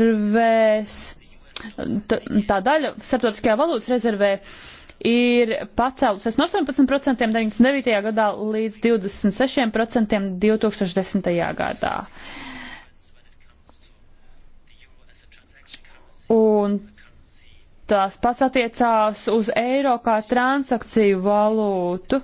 rezervēs, tā daļa starptautiskajā valūtas rezervē ir pacēlusies no 18% 99. gadā līdz 26% 2010. gadā. Un tas pats attiecās uz eiro kā transakciju valūtu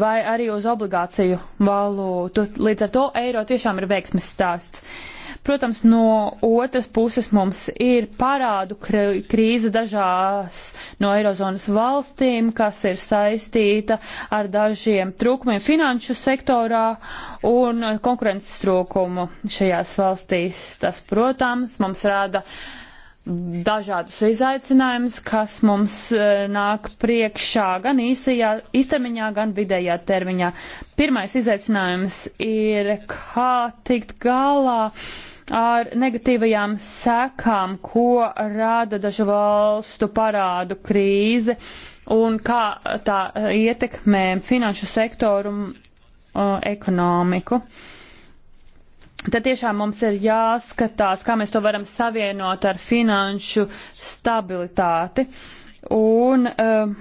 vai arī uz obligāciju valūtu. Līdz ar to eiro tiešām ir veiksmes stāsts. Uh, Protams, no otras puses mums ir parādu krīze dažās no Eirozonas valstīm, kas ir saistīta ar dažiem trūkumiem finanšu sektorā un konkurences trūkumu šajās valstīs. Tas, protams, mums rāda dažādus izaicinājumus, kas mums e, nāk priekšā gan īsajā, īstermiņā, gan vidējā termiņā. Pirmais izaicinājums ir, kā tikt galā ar negatīvajām sekām, ko rada dažu valstu parādu krīze un kā tā ietekmē finanšu sektoru un uh, ekonomiku. Tad tiešām mums ir jāskatās, kā mēs to varam savienot ar finanšu stabilitāti. Un, uh,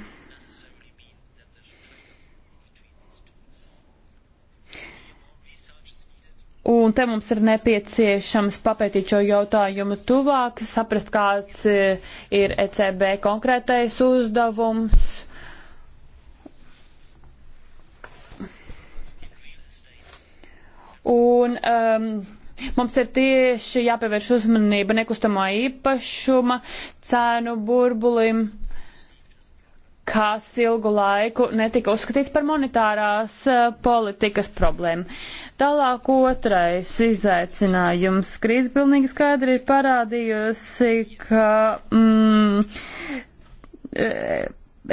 Un te mums ir nepieciešams papētīt šo jautājumu tuvāk, saprast, kāds e, ir ECB konkrētais uzdevums. Un um, mums ir tieši jāpievērš uzmanība nekustamā īpašuma cēnu burbulim kas ilgu laiku netika uzskatīts par monetārās uh, politikas problēmu. Uh, Tālāk otrais izaicinājums. Krīze pilnīgi skaidri ir parādījusi, ka mm, e,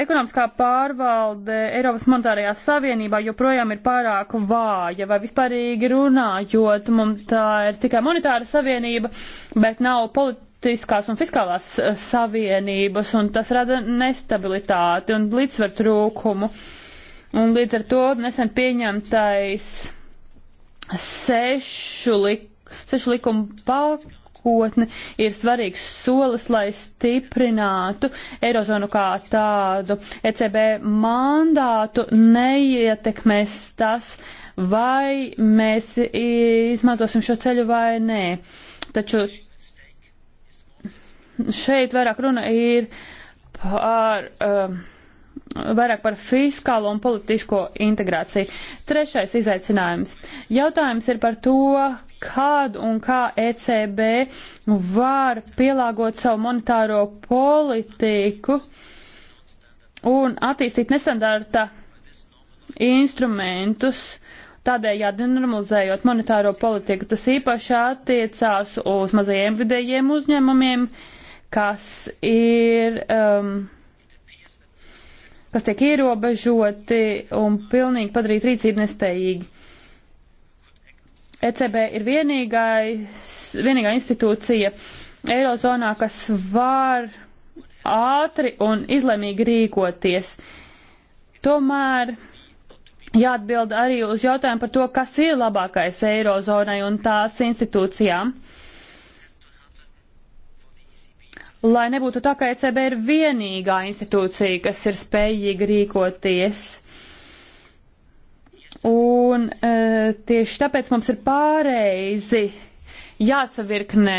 ekonomiskā pārvalde Eiropas monetārajā savienībā joprojām ir pārāk vāja vai vispārīgi runājot. Mums tā ir tikai monetāra savienība, bet nav politika politiskās un fiskālās e, savienības, un tas rada nestabilitāti un līdzsver trūkumu. Un līdz ar to nesen pieņemtais sešu, lik, sešu likumu pakotni ir svarīgs solis, lai stiprinātu Eirozonu kā tādu. ECB mandātu neietekmēs tas, vai mēs izmantosim šo ceļu vai nē. Taču šeit vairāk runa ir par. Uh, um, vairāk par fiskālo un politisko integrāciju. Trešais izaicinājums. Jautājums ir par to, kādu un kā ECB var pielāgot savu monetāro politiku un attīstīt nestandarta instrumentus, tādējādi normalizējot monetāro politiku. Tas īpaši attiecās uz mazajiem vidējiem uzņēmumiem, kas ir. Um, kas tiek ierobežoti un pilnīgi padarīt rīcību nespējīgi. ECB ir vienīgais, vienīgā institūcija Eirozonā, kas var ātri un izlemīgi rīkoties. Tomēr jāatbild arī uz jautājumu par to, kas ir labākais Eirozonai un tās institūcijām. Uh, lai nebūtu tā, ka ECB ir vienīgā institūcija, kas ir spējīga rīkoties. Un e, tieši tāpēc mums ir pāreizi jāsavirknē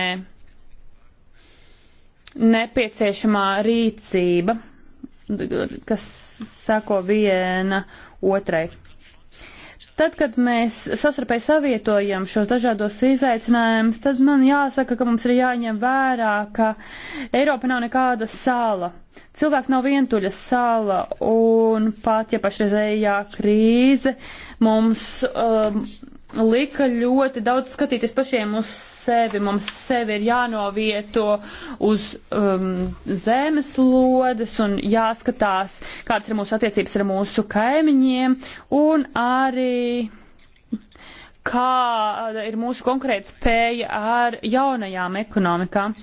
nepieciešamā rīcība, kas sako viena otrai. Tad, kad mēs sastarpēji savietojam šos dažādos izaicinājumus, tad man jāsaka, ka mums ir jāņem vērā, ka Eiropa nav nekāda sala. Cilvēks nav vientuļa sala, un pat ja pašreizējā krīze mums. Um, lika ļoti daudz skatīties pašiem uz sevi. Mums sevi ir jānovieto uz um, zemes lodes un jāskatās, kādas ir mūsu attiecības ar mūsu kaimiņiem un arī kāda ir mūsu konkrēta spēja ar jaunajām ekonomikām.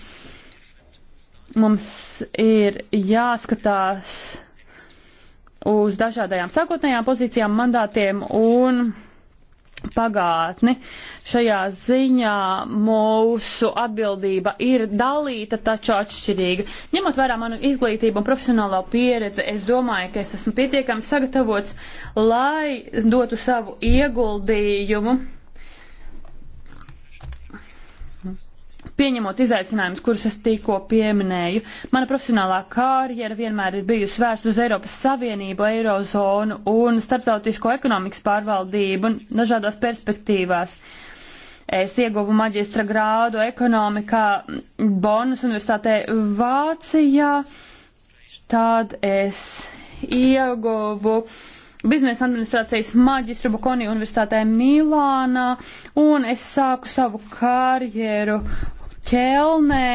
Mums ir jāskatās uz dažādajām sākotnējām pozīcijām, mandātiem un pagātni. Šajā ziņā mūsu atbildība ir dalīta, taču atšķirīga. Ņemot vērā manu izglītību un profesionālo pieredzi, es domāju, ka es esmu pietiekami sagatavots, lai dotu savu ieguldījumu. Mums pieņemot izaicinājumus, kurus es tikko pieminēju. Mana profesionālā karjera vienmēr ir bijusi vērsta uz Eiropas Savienību, Eirozonu un starptautisko ekonomikas pārvaldību dažādās perspektīvās. Es ieguvu maģistra grādu ekonomikā Bonas Universitātē Vācijā. Tad es ieguvu biznesa administrācijas maģistru Bukoni universitātē Milānā, un es sāku savu karjeru ķelnē,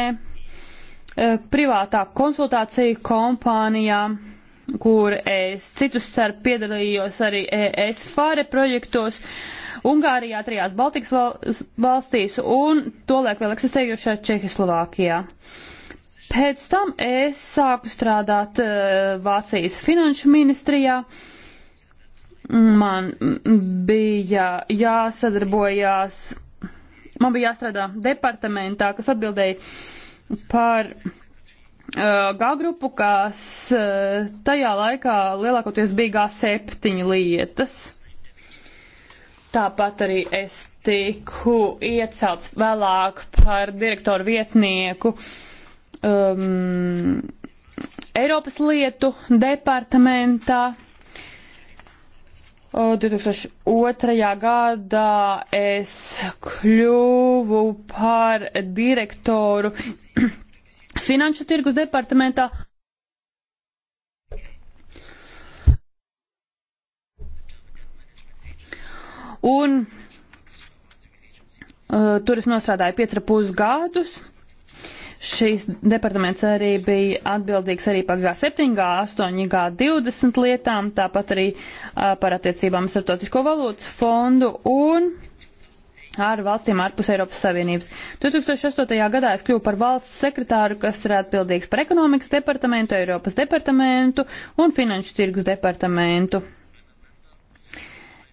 e, privātā konsultācija kompānijā, kur es citus starp piedalījos arī ES fāre projektos, Ungārijā, trijās Baltikas valstīs un tolēk vēl eksistējošā Čehoslovākijā. Pēc tam es sāku strādāt e, Vācijas finanšu ministrijā man bija jāsadarbojās Man bija jāstrādā departamentā, kas atbildēja par uh, G grupu, kas uh, tajā laikā lielākoties bija G7 lietas. Tāpat arī es tiku iecelts vēlāk par direktoru vietnieku um, Eiropas lietu departamentā. 2002. gadā es kļuvu par direktoru Finanšu tirgus departamentā. Un uh, tur es nostrādāju 5,5 gadus. Šīs departaments arī bija atbildīgs arī par G7, G8, G20 lietām, tāpat arī uh, par attiecībām starptautisko valūtas fondu un ar valstīm ārpus Eiropas Savienības. 2008. gadā es kļuvu par valsts sekretāru, kas ir atbildīgs par ekonomikas departamentu, Eiropas departamentu un finanšu tirgus departamentu.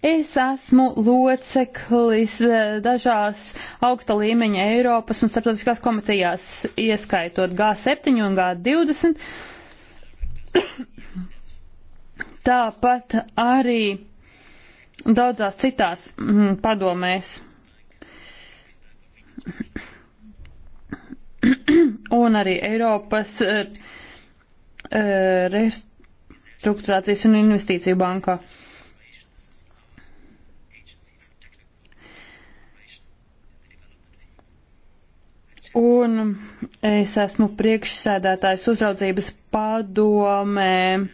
Es esmu loceklis eh, dažās augsta līmeņa Eiropas un starptautiskās komitejās, ieskaitot G7 un G20. Tāpat arī daudzās citās mm, padomēs. un arī Eiropas uh, restruktūrācijas un investīciju bankā. Uh, Un es esmu priekšsēdētājs uzraudzības padomē.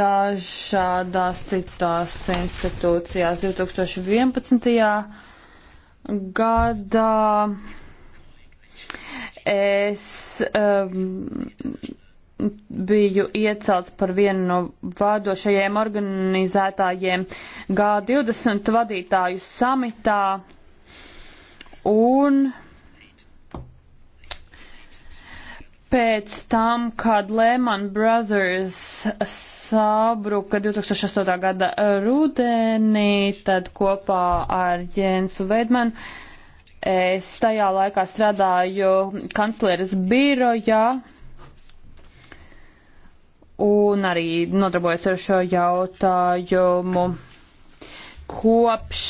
dažādās citās institūcijās. 2011. gadā es um, biju iecelts par vienu no vādošajiem organizētājiem G20 vadītāju samitā. Un pēc tam, kad Lehman Brothers sabruka 2008. gada rudenī, tad kopā ar Jēnsu Veidmanu es tajā laikā strādāju kancleres birojā. Ja un arī nodarbojas ar šo jautājumu. Kopš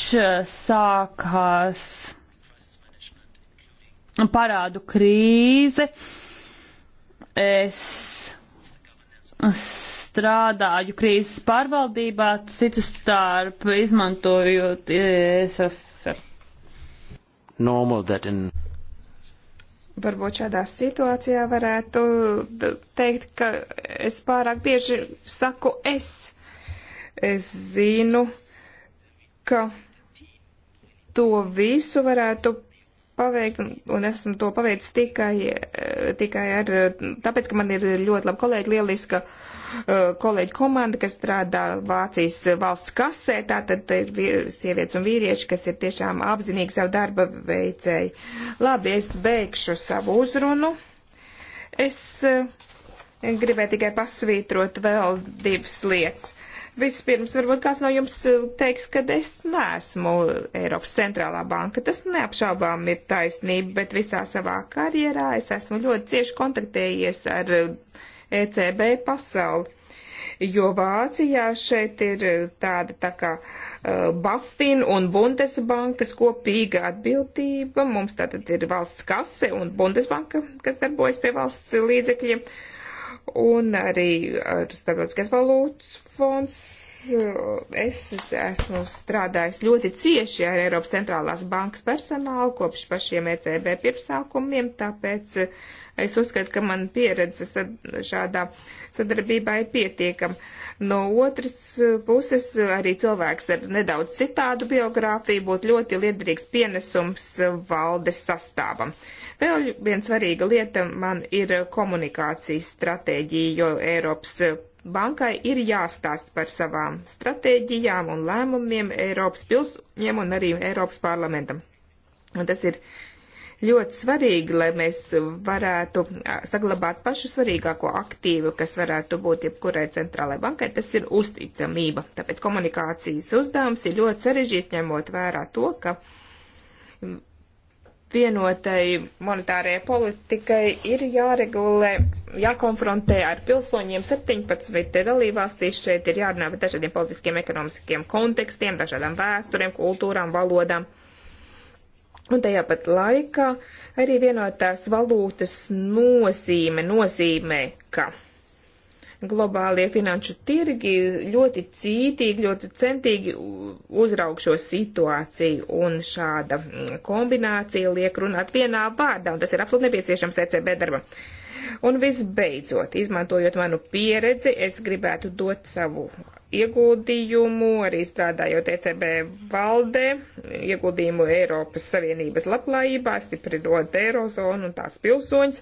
sākās parādu krīze, es strādāju krīzes pārvaldībā, citu starp izmantojot ESF. Normal that in Varbūt šādā situācijā varētu teikt, ka es pārāk bieži saku es. Es zinu, ka to visu varētu paveikt, un esmu to paveicis tikai, eh, tikai ar, tāpēc, ka man ir ļoti labi kolēģi, lieliska uh, Uh, kolēģu komanda, kas strādā Vācijas valsts kasē. Tātad ir sievietes un vīrieši, kas ir tiešām apzinīgi savu darba veicēji. Labi, es beigšu savu uzrunu. Es uh, gribēju tikai pasvītrot vēl divas lietas. Vispirms, varbūt kāds no jums uh, teiks, ka es neesmu Eiropas centrālā banka. Tas neapšaubām ir taisnība, bet visā savā karjerā es esmu ļoti cieši kontaktējies ar ECB pasauli. Jo Vācijā šeit ir eh, tāda tā kā uh, eh, Bafin un Bundesbankas kopīga atbildība. Mums tātad ir valsts kase un Bundesbanka, kas darbojas pie valsts līdzekļiem. Un arī ar Starptautiskais valūtas fonds. Eh, es esmu strādājis ļoti cieši ar Eiropas centrālās bankas personālu kopš pašiem ECB pirmsākumiem, tāpēc uh, Es uzskatu, ka man pieredze šādā sadarbībā ir pietiekama. No otras puses, arī cilvēks ar nedaudz citādu biogrāfiju būtu ļoti liederīgs pienesums valdes sastāvam. Vēl viena svarīga lieta man ir komunikācijas stratēģija, jo Eiropas bankai ir jāstāst par savām stratēģijām un lēmumiem Eiropas pilsoņiem un arī Eiropas parlamentam. Un tas ir uh, ļoti svarīgi, lai mēs varētu saglabāt pašu svarīgāko aktīvu, kas varētu būt jebkurai centrālai bankai, tas ir uzticamība. Tāpēc komunikācijas uzdevums ir ļoti sarežģīts, ņemot vērā to, ka vienotai monetārajai politikai ir jāregulē, jākonfrontē ar pilsoņiem 17 dalībvalstīs. Šeit ir jārunā par dažādiem politiskiem, ekonomiskiem kontekstiem, dažādām vēsturiem, kultūrām, valodām. Un tajā pat laikā arī vienotās valūtas nozīme nozīmē, ka globālie finanšu tirgi ļoti cītīgi, ļoti centīgi uzraug šo situāciju, un šāda mm, kombinācija liek runāt vienā vārdā, un tas ir absolūti nepieciešams ECB darbam. Un visbeidzot, izmantojot manu pieredzi, es gribētu dot savu ieguldījumu, arī strādājot ECB valdē, ieguldījumu Eiropas Savienības labklājībā, stiprinot Eirozonu un tās pilsoņus,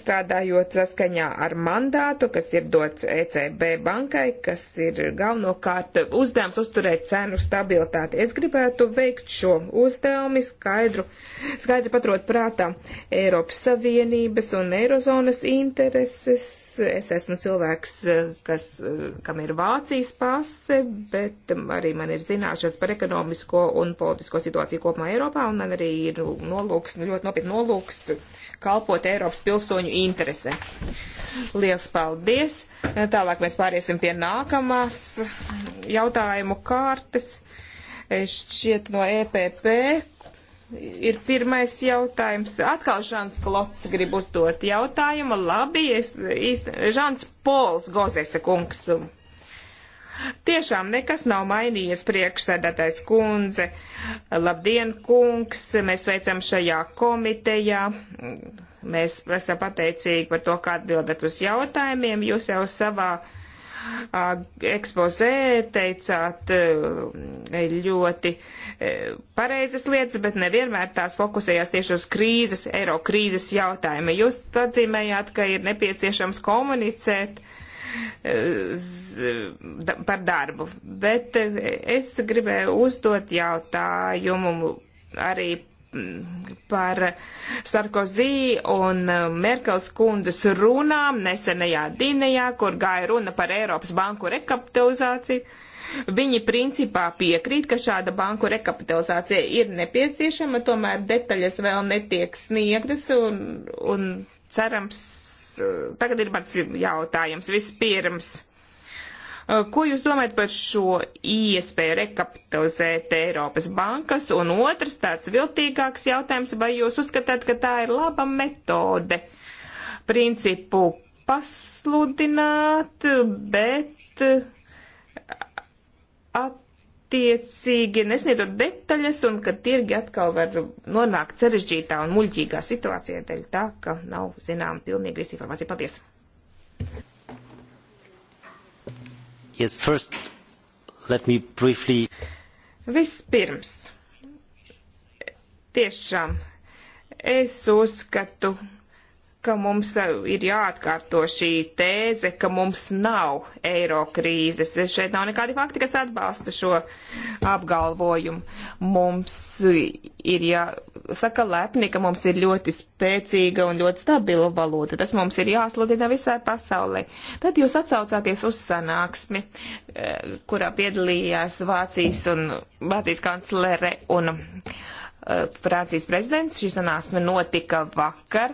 strādājot saskaņā ar mandātu, kas ir dots ECB bankai, kas ir galvenokārt uzdevums uzturēt cenu stabilitāti. Es gribētu veikt šo uzdevumu skaidru, skaidri paturot prātā Eiropas Savienības un Eirozonas intereses Es esmu cilvēks, eh, kas, eh, kam ir Vācijas pase, bet mm, arī man ir zināšanas par ekonomisko un politisko situāciju kopumā Eiropā, un man arī ir nolūks, ļoti nopietni nolūks kalpot Eiropas pilsoņu interese. Liels paldies! Tālāk mēs pāriesim pie nākamās jautājumu kārtas. Šķiet no EPP ir pirmais jautājums. Atkal Žants Klots grib uzdot jautājumu. Labi, es, es, Žants Pols Gozese kungs. Tiešām nekas nav mainījies priekšsēdētais kundze. Labdien, kungs, mēs veicam šajā komitejā. Mēs esam pateicīgi par to, kā atbildat uz jautājumiem. Jūs jau savā uh, ekspozē teicāt e, ļoti e, pareizas lietas, bet nevienmēr tās fokusējās tieši uz krīzes, eiro krīzes jautājumu. Jūs atzīmējāt, ka ir nepieciešams komunicēt e, par darbu, bet es gribēju uzdot jautājumu arī par Sarkozī un uh, Merkels kundzes runām nesenajā dinējā, kur gāja runa par Eiropas banku rekapitalizāciju. Viņi principā piekrīt, ka šāda banku rekapitalizācija ir nepieciešama, tomēr detaļas vēl netiek sniegtas un, un cerams, uh, tagad ir mans jautājums vispirms Uh, ko jūs domājat par šo iespēju rekapitalizēt Eiropas bankas? Un otrs tāds viltīgāks jautājums, vai jūs uzskatāt, ka tā ir laba metode principu pasludināt, bet uh, attiecīgi nesniedzot detaļas un ka tirgi atkal var nonākt sarežģītā un muļķīgā situācijā dēļ tā, ka nav zinām pilnīgi visi informācija. Paldies! Yes, first, let me briefly. Vispirms, tiešām es uzskatu, ka mums eh, ir jāatkārto šī tēze, ka mums nav eiro krīzes. Šeit nav nekādi fakti, kas atbalsta šo apgalvojumu. Mums ir jāsaka lepni, ka mums ir ļoti spēcīga un ļoti stabila valūta. Tas mums ir jāsludina visai pasaulē. Tad jūs atsaucāties uz sanāksmi, eh, kurā piedalījās Vācijas un Vācijas kanclere un Francijas prezidents. Šī sanāksme notika vakar.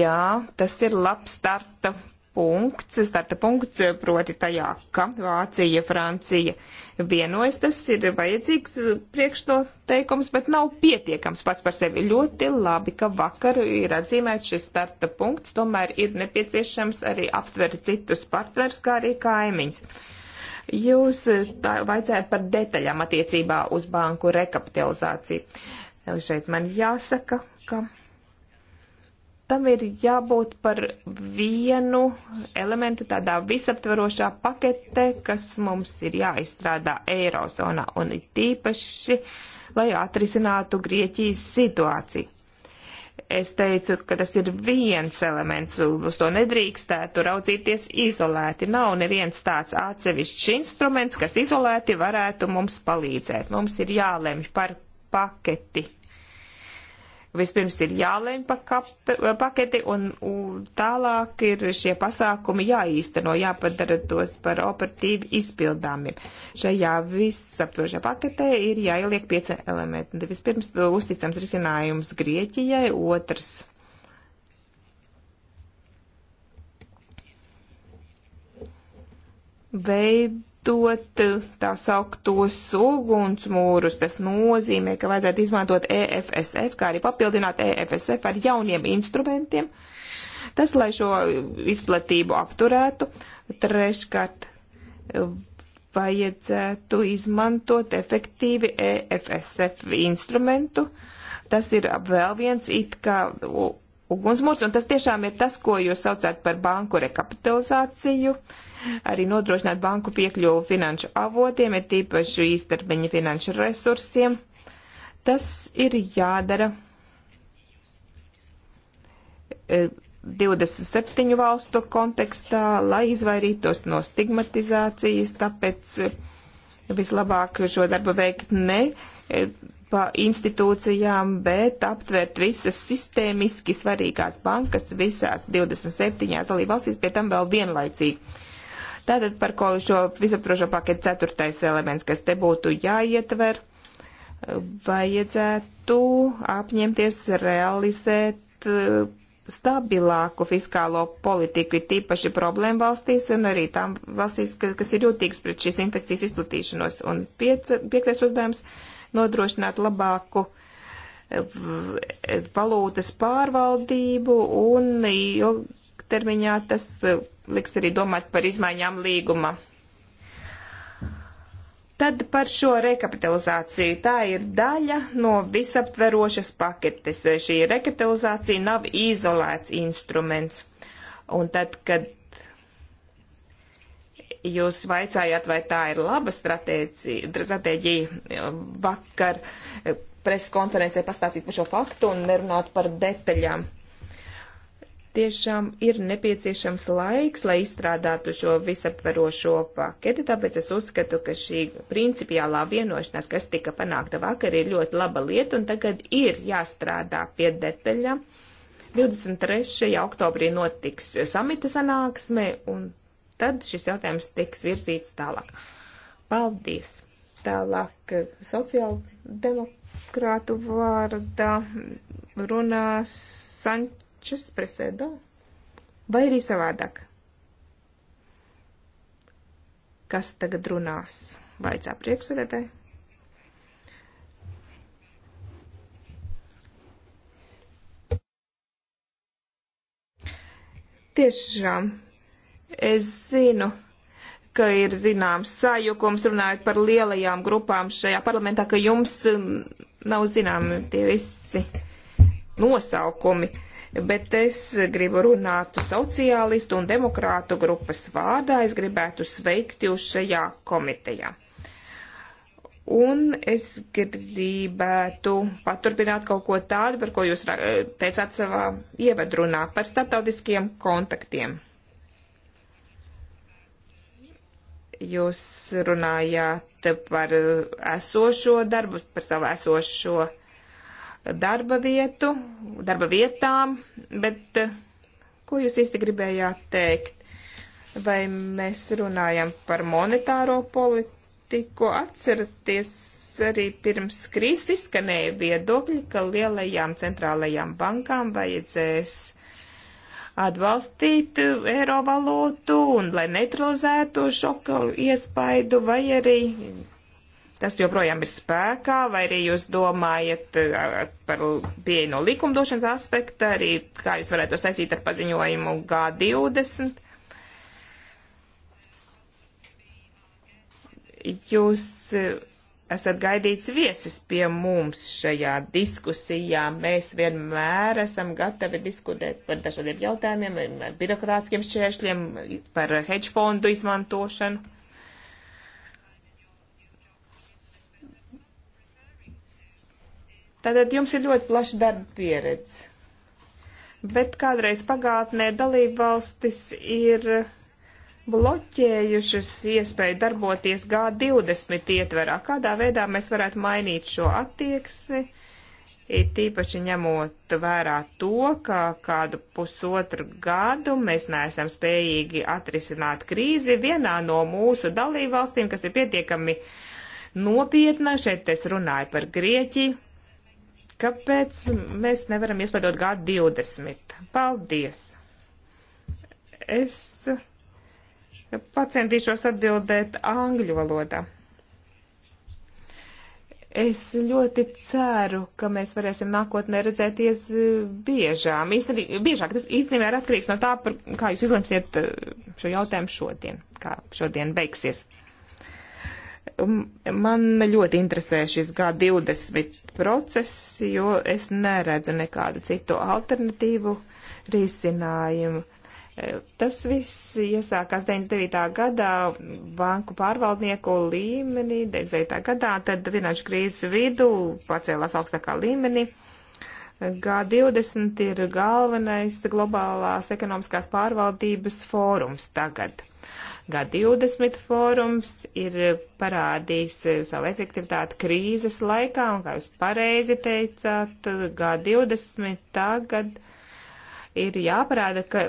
Jā, tas ir labs starta punkts, starta punkts, proti tajā, ka Vācija, Francija vienojas, tas ir vajadzīgs priekšnoteikums, bet nav pietiekams pats par sevi. Ļoti labi, ka vakar ir atzīmēts šis starta punkts, tomēr ir nepieciešams arī aptvert citus partners, kā arī kaimiņus. Jūs eh, vaicājat par detaļām attiecībā uz banku rekapitalizāciju. Šeit man jāsaka, ka tam ir jābūt par vienu elementu tādā visaptvarošā paketē, kas mums ir jāizstrādā Eirozonā un tīpaši, lai atrisinātu Grieķijas situāciju es teicu, ka tas ir viens elements, uz to nedrīkstētu raudzīties izolēti. Nav neviens tāds atsevišķs instruments, kas izolēti varētu mums palīdzēt. Mums ir jālemj par paketi Vispirms ir jālēm pa eh, paketi, un, un tālāk ir šie pasākumi jāīsteno, jāpadara tos par operatīvi izpildāmiem. Šajā visaptvarošajā paketē ir jāieliek pieci elementi. Vispirms eh, uzticams risinājums Grieķijai, otrs veid izmantot tā sauktos ugunsmūrus. Tas nozīmē, ka vajadzētu izmantot EFSF, kā arī papildināt EFSF ar jauniem instrumentiem. Tas, lai šo izplatību apturētu, treškārt vajadzētu izmantot efektīvi EFSF instrumentu. Tas ir vēl viens it kā ugunsmurs, un tas tiešām ir tas, ko jūs saucāt par banku rekapitalizāciju, arī nodrošināt banku piekļuvu finanšu avotiem, ir tīpaši īstermiņa finanšu resursiem. Tas ir jādara 27 eh, valstu kontekstā, lai izvairītos no stigmatizācijas, tāpēc eh, vislabāk šo darbu veikt ne eh, pa institūcijām, bet aptvert visas sistēmiski svarīgās bankas visās 27 dalībvalstīs, pie tam vēl vienlaicīgi. Tātad par ko šo visaptrošo paketu ceturtais elements, kas te būtu jāietver, vajadzētu apņemties realizēt eh, stabilāku fiskālo politiku, ir tīpaši problēma valstīs un arī tām valstīs, kas, kas ir jūtīgas pret šīs infekcijas izplatīšanos. Un piec, piektais uzdevums nodrošināt labāku eh, valūtas pārvaldību un ilgtermiņā tas eh, liks arī domāt par izmaiņām līguma. Tad par šo rekapitalizāciju. Tā ir daļa no visaptverošas paketes. Šī rekapitalizācija nav izolēts instruments. Un tad, kad Jūs vaicājāt, vai tā ir laba stratēģija vakar eh, preses konferencē pastāstīt par šo faktu un nerunāt par detaļām. Tiešām ir nepieciešams laiks, lai izstrādātu šo visaptverošo paketi, tāpēc es uzskatu, ka šī principiālā vienošanās, kas tika panākta vakar, ir ļoti laba lieta un tagad ir jāstrādā pie detaļām. 23. oktobrī notiks samita sanāksme, un tad šis jautājums tiks virzīts tālāk. Paldies! Tālāk eh, sociāldemokrātu vārdā runās Sančes Presēdo vai arī savādāk? Kas tagad runās? Vaicā priekšsēdētāji. Tiešām Es zinu, ka ir zināms sajukums runājot par lielajām grupām šajā parlamentā, ka jums um, nav zināmi tie visi nosaukumi. Bet es gribu runāt sociālistu un demokrātu grupas vārdā. Es gribētu sveikt jūs šajā komitejā. Un es gribētu paturpināt kaut ko tādu, par ko jūs teicāt savā ievadrunā, par starptautiskiem kontaktiem Jūs runājāt par esošo darbu, par savu esošo darba vietu, darba vietām, bet eh, ko jūs īsti gribējāt teikt? Vai mēs runājam par monetāro politiku? Atceraties arī pirms krīzes izskanēja viedokļi, ka lielajām centrālajām bankām vajadzēs atbalstīt uh, eiro valūtu un lai neutralizētu šoku iespaidu vai arī tas joprojām ir spēkā, vai arī jūs domājat uh, par pieeju no likumdošanas aspekta, arī kā jūs varētu to saistīt ar paziņojumu G20. Jūs uh, esat gaidīts viesis pie mums šajā diskusijā. Mēs vienmēr esam gatavi diskutēt par dažādiem jautājumiem, birokrātiskiem šķēršļiem, par hedge fondu izmantošanu. Tātad jums ir ļoti plaša darba pieredze. Bet kādreiz pagātnē dalībvalstis ir bloķējušas iespēju darboties G20 ietverā. Kādā veidā mēs varētu mainīt šo attieksmi, ir tīpaši ņemot vērā to, ka kādu pusotru gadu mēs neesam spējīgi atrisināt krīzi vienā no mūsu dalībvalstīm, kas ir pietiekami nopietna. Šeit es runāju par Grieķiju. Kāpēc mēs nevaram iespējot G20? Paldies! Es Pacentīšos atbildēt angļu valodā. Es ļoti ceru, ka mēs varēsim nākotnē redzēties e, biežām. Īstenī, biežāk tas īstenībā ir atkarīgs no tā, par kā jūs izlemsiet e, šo jautājumu šodien, kā šodien beigsies. Man ļoti interesē šis G20 process, jo es neredzu nekādu citu alternatīvu risinājumu Tas viss iesākās 99. gadā banku pārvaldnieku līmenī, 99. gadā, tad finanšu krīzes vidu pacēlās augstākā līmenī. G20 ir galvenais globālās ekonomiskās pārvaldības fórums tagad. G20 fórums ir parādījis savu efektivitāti krīzes laikā, un, kā jūs pareizi teicāt, G20 tagad ir jāparāda, ka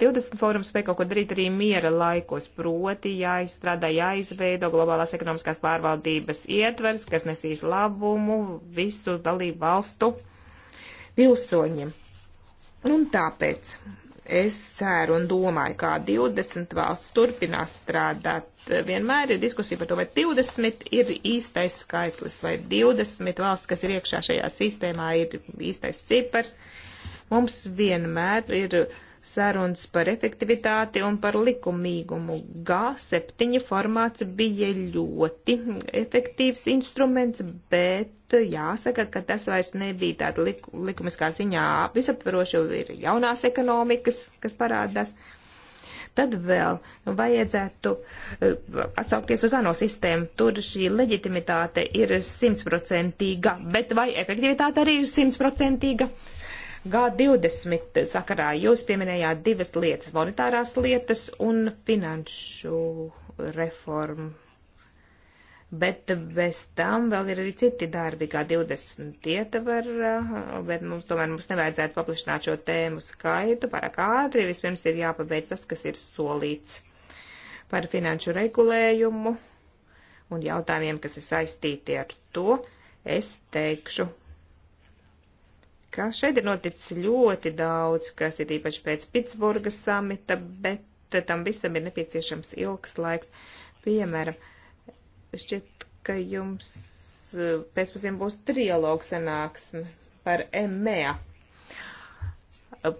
G20 fórums spēj kaut ko darīt arī miera laikos, proti jāizstrādā, jāizveido globālās ekonomiskās pārvaldības ietvers, kas nesīs labumu visu dalību valstu pilsoņiem. Un tāpēc es ceru un domāju, kā 20 valsts turpinās strādāt. Vienmēr ir diskusija par to, vai 20 ir īstais skaitlis, vai 20 valsts, kas ir iekšā šajā sistēmā, ir īstais cipars. Uh, Mums vienmēr ir sarunas par efektivitāti un par likumīgumu. G7 formāts bija ļoti efektīvs instruments, bet jāsaka, ka tas vairs nebija tāda lik likumiskā ziņā visaptvaroša, jo ir jaunās ekonomikas, kas parādās tad vēl vajadzētu eh, atsaukties uz ANO sistēmu. Tur šī leģitimitāte ir simtprocentīga, bet vai efektivitāte arī ir simtprocentīga? G20 sakarā jūs pieminējāt divas lietas - monetārās lietas un finanšu reformu. Bet bez tam vēl ir arī citi darbi, kā 20 ietvarā, bet mums tomēr mums nevajadzētu paplašināt šo tēmu skaitu pārāk ātri. Vispirms ir jāpabeidz tas, kas ir solīts par finanšu regulējumu un jautājumiem, kas ir saistīti ar to. Es teikšu ka šeit ir noticis ļoti daudz, kas ir īpaši pēc Pitsburgas samita, bet tam visam ir nepieciešams ilgs laiks. Piemēram, šķiet, ka jums eh, pēcpusdien būs trialogs sanāksme par EMEA. Eh,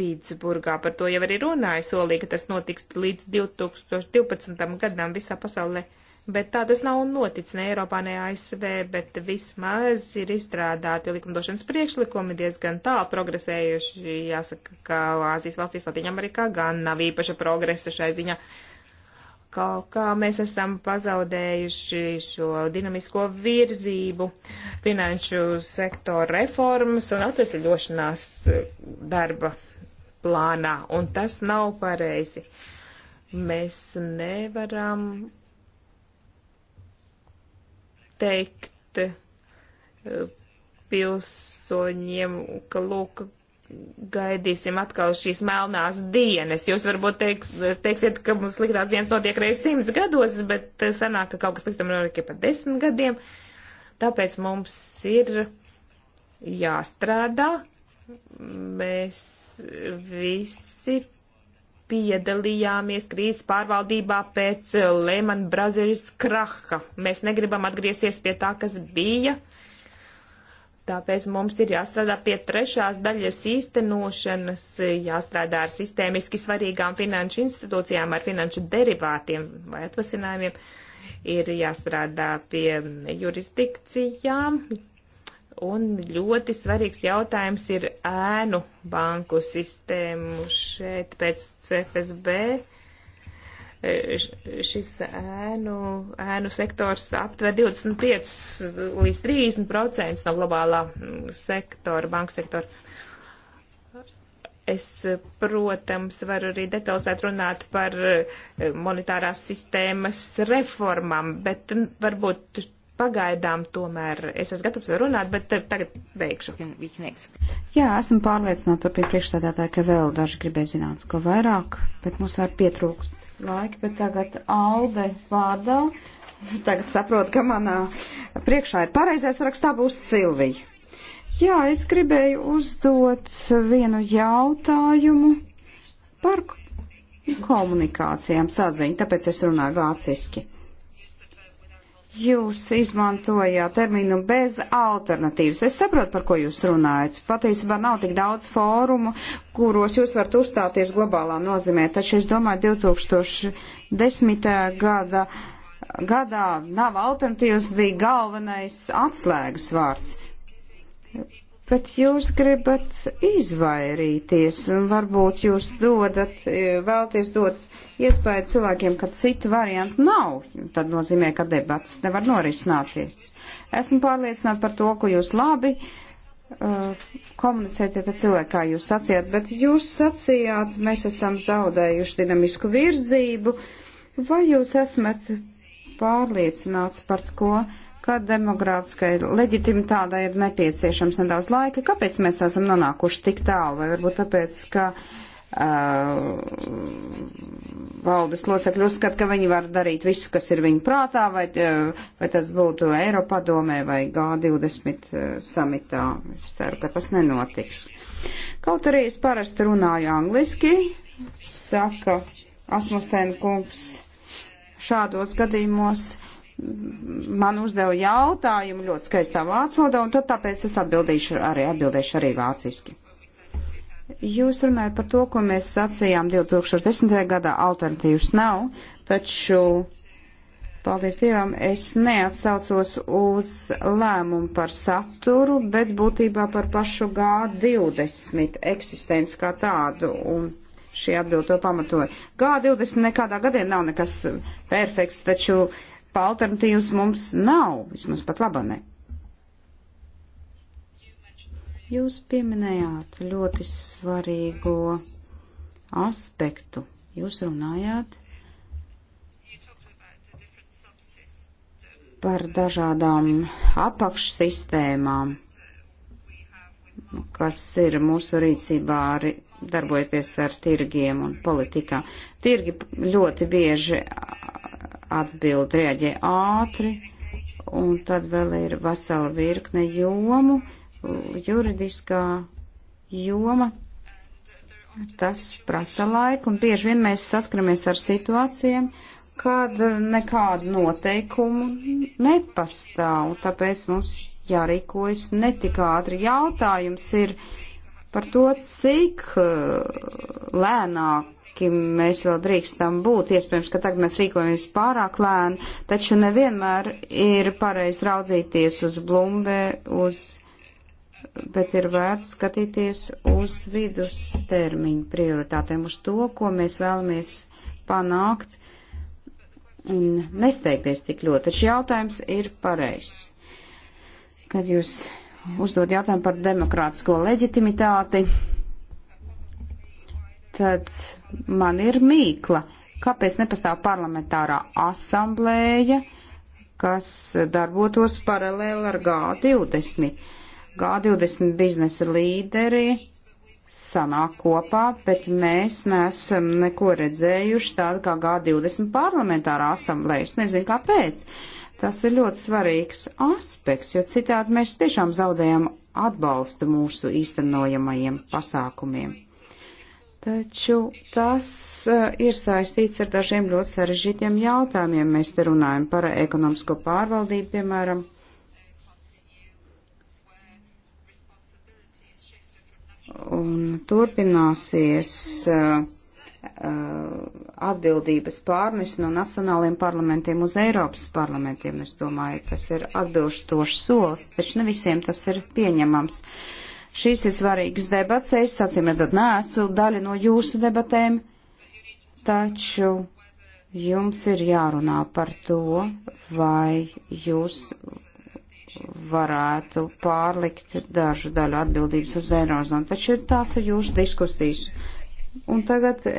Pitsburgā par to jau arī runāja, solīja, ka tas notiks līdz 2012. gadam visā pasaulē. Uh, Bet tā tas nav noticis ne Eiropā, ne ASV, bet vismaz ir izstrādāti likumdošanas priekšlikumi diezgan tālu progresējuši. Jāsaka, ka Āzijas valstīs Latīņamerikā gan nav īpaša progresa šai ziņā. Kaut kā mēs esam pazaudējuši šo dinamisko virzību finanšu sektora reformas un atvesļošanās darba plānā, un tas nav pareizi. Mēs nevaram teikt eh, pilsoņiem, ka lūk, gaidīsim atkal šīs melnās dienas. Jūs varbūt teiks, teiksiet, ka mums sliktās dienas notiek reiz simts gados, bet eh, sanāk, ka kaut kas sliktam notiek pat desmit gadiem. Tāpēc mums ir jāstrādā. Mēs visi piedalījāmies krīzes pārvaldībā pēc eh, Lehman Brothers kraha. Mēs negribam atgriezties pie tā, kas bija. Tāpēc mums ir jāstrādā pie trešās daļas īstenošanas, jāstrādā ar sistēmiski svarīgām finanšu institūcijām, ar finanšu derivātiem vai atvasinājumiem. Ir jāstrādā pie jurisdikcijām, Un ļoti svarīgs jautājums ir ēnu banku sistēmu šeit pēc CFSB. E, šis ēnu, ēnu sektors aptver 25 līdz 30% no globālā sektora, banku sektora. Es, protams, varu arī detalizēt runāt par e, monetārās sistēmas reformām, bet varbūt pagaidām tomēr es esmu gatavs runāt, bet tagad beigšu. Jā, esmu pārliecināta turpin priekšstādātāji, ka vēl daži gribēja zināt, ko vairāk, bet mums var pietrūkst laika, bet tagad Alde vārdā. Tagad saprotu, ka manā priekšā ir pareizais rakstā būs Silvija. Jā, es gribēju uzdot vienu jautājumu par komunikācijām saziņu, tāpēc es runāju vāciski. Jūs izmantojāt terminu bez alternatīvas. Es saprotu, par ko jūs runājat. Patiesībā nav tik daudz fórumu, kuros jūs varat uzstāties globālā nozīmē, taču es domāju, 2010. gada gadā nav alternatīvas bija galvenais atslēgas vārds bet jūs gribat izvairīties un varbūt jūs dodat, e, vēlties dot iespēju cilvēkiem, ka citu variantu nav. Tad nozīmē, ka debatas nevar norisināties. Esmu pārliecināta par to, ko jūs labi uh, komunicētiet ar cilvēku, kā jūs sacījāt, bet jūs sacījāt, mēs esam zaudējuši dinamisku virzību. Vai jūs esat pārliecināts par to, ka demokrātiskai leģitimitātei ir nepieciešams nedaudz laika. Kāpēc mēs esam nonākuši tik tālu? Vai varbūt tāpēc, ka uh, valdes locekļi uzskata, ka viņi var darīt visu, kas ir viņu prātā, vai, uh, vai tas būtu Eiropadomē vai G20 uh, samitā. Es ceru, ka tas nenotiks. Kaut arī es parasti runāju angliski, saka Asmusen kungs šādos gadījumos. Uh, man uzdeva jautājumu ļoti skaistā vācu valodā, un tad tāpēc es atbildīšu arī, atbildēšu arī vāciski. Jūs runājat par to, ko mēs sacījām 2010. gadā, alternatīvas nav, taču, paldies Dievam, es neatsaucos uz lēmumu par saturu, bet būtībā par pašu G20 eksistenci kā tādu, un šī atbilde to pamatoja. G20 nekādā gadījumā nav nekas perfekts, taču uh, alternatīvas mums nav, vismaz pat laba ne. Jūs pieminējāt ļoti svarīgo aspektu. Jūs runājāt par dažādām apakšsistēmām, kas ir mūsu rīcībā arī darbojoties ar tirgiem un politikā. Tirgi ļoti bieži atbild reaģē ātri, un tad vēl ir vesela virkne jomu, juridiskā joma. Tas prasa laiku, un bieži vien mēs saskaramies ar situācijām, kad nekādu noteikumu nepastāv, tāpēc mums jārīkojas netik ātri. Jautājums ir par to, cik uh, lēnāk ka mēs vēl drīkstam būt. Iespējams, ka tagad mēs rīkojamies pārāk lēni, taču nevienmēr ir pareizi raudzīties uz Blumbe, uz, bet ir vērts skatīties uz vidus termiņu prioritātēm, uz to, ko mēs vēlamies panākt un nesteigties tik ļoti. Taču jautājums ir pareizs. Kad jūs uzdod jautājumu par demokrātisko leģitimitāti, tad man ir mīkla. Kāpēc nepastāv parlamentārā asamblēja, kas darbotos paralēli ar G20? G20 biznesa līderi sanāk kopā, bet mēs neesam neko redzējuši tādu kā G20 parlamentārā asamblēja. Es nezinu, kāpēc. Tas ir ļoti svarīgs aspekts, jo citādi mēs tiešām zaudējam atbalsta mūsu īstenojamajiem pasākumiem. Taču tas eh, ir saistīts ar dažiem ļoti sarežģītiem jautājumiem. Mēs te runājam par ekonomisko pārvaldību, piemēram. Un turpināsies uh, atbildības pārnes no nacionāliem parlamentiem uz Eiropas parlamentiem. Es domāju, tas ir atbilstošs solis, taču ne visiem tas ir pieņemams. Uh, Šis ir svarīgs debats, es acīm redzot, neesmu daļa no jūsu debatēm, taču jums ir jārunā par to, vai jūs varētu pārlikt dažu daļu atbildības uz Eirozonu. Taču tās ir jūsu diskusijas. Un tagad e,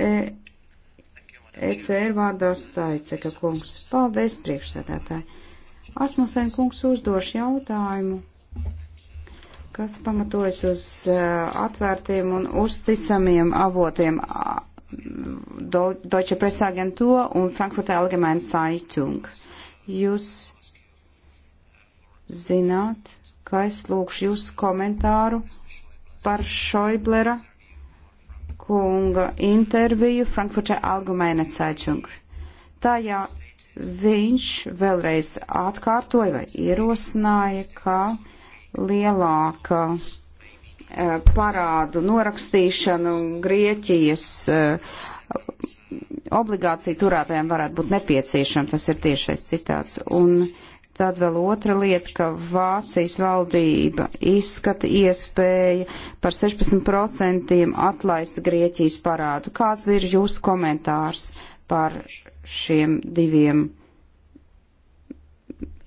ECR vārdā staiceka kungs. Paldies, priekšsēdētāji. Asmusen kungs uzdoš jautājumu kas pamatojas uz eh, atvērtiem un uzticamiem avotiem Deutsche Presse Agentur un Frankfurter Allgemeine Zeitung. Jūs zināt, ka es lūkšu jūsu komentāru par Šoiblera kunga interviju Frankfurter Allgemeine Zeitung. Tajā viņš vēlreiz atkārtoja vai ierosināja, ka lielāka eh, parādu norakstīšanu Grieķijas eh, obligāciju turētājiem varētu būt nepieciešama. Tas ir tiešais citāts. Un tad vēl otra lieta, ka Vācijas valdība izskata iespēju par 16% atlaist Grieķijas parādu. Kāds ir jūsu komentārs par šiem diviem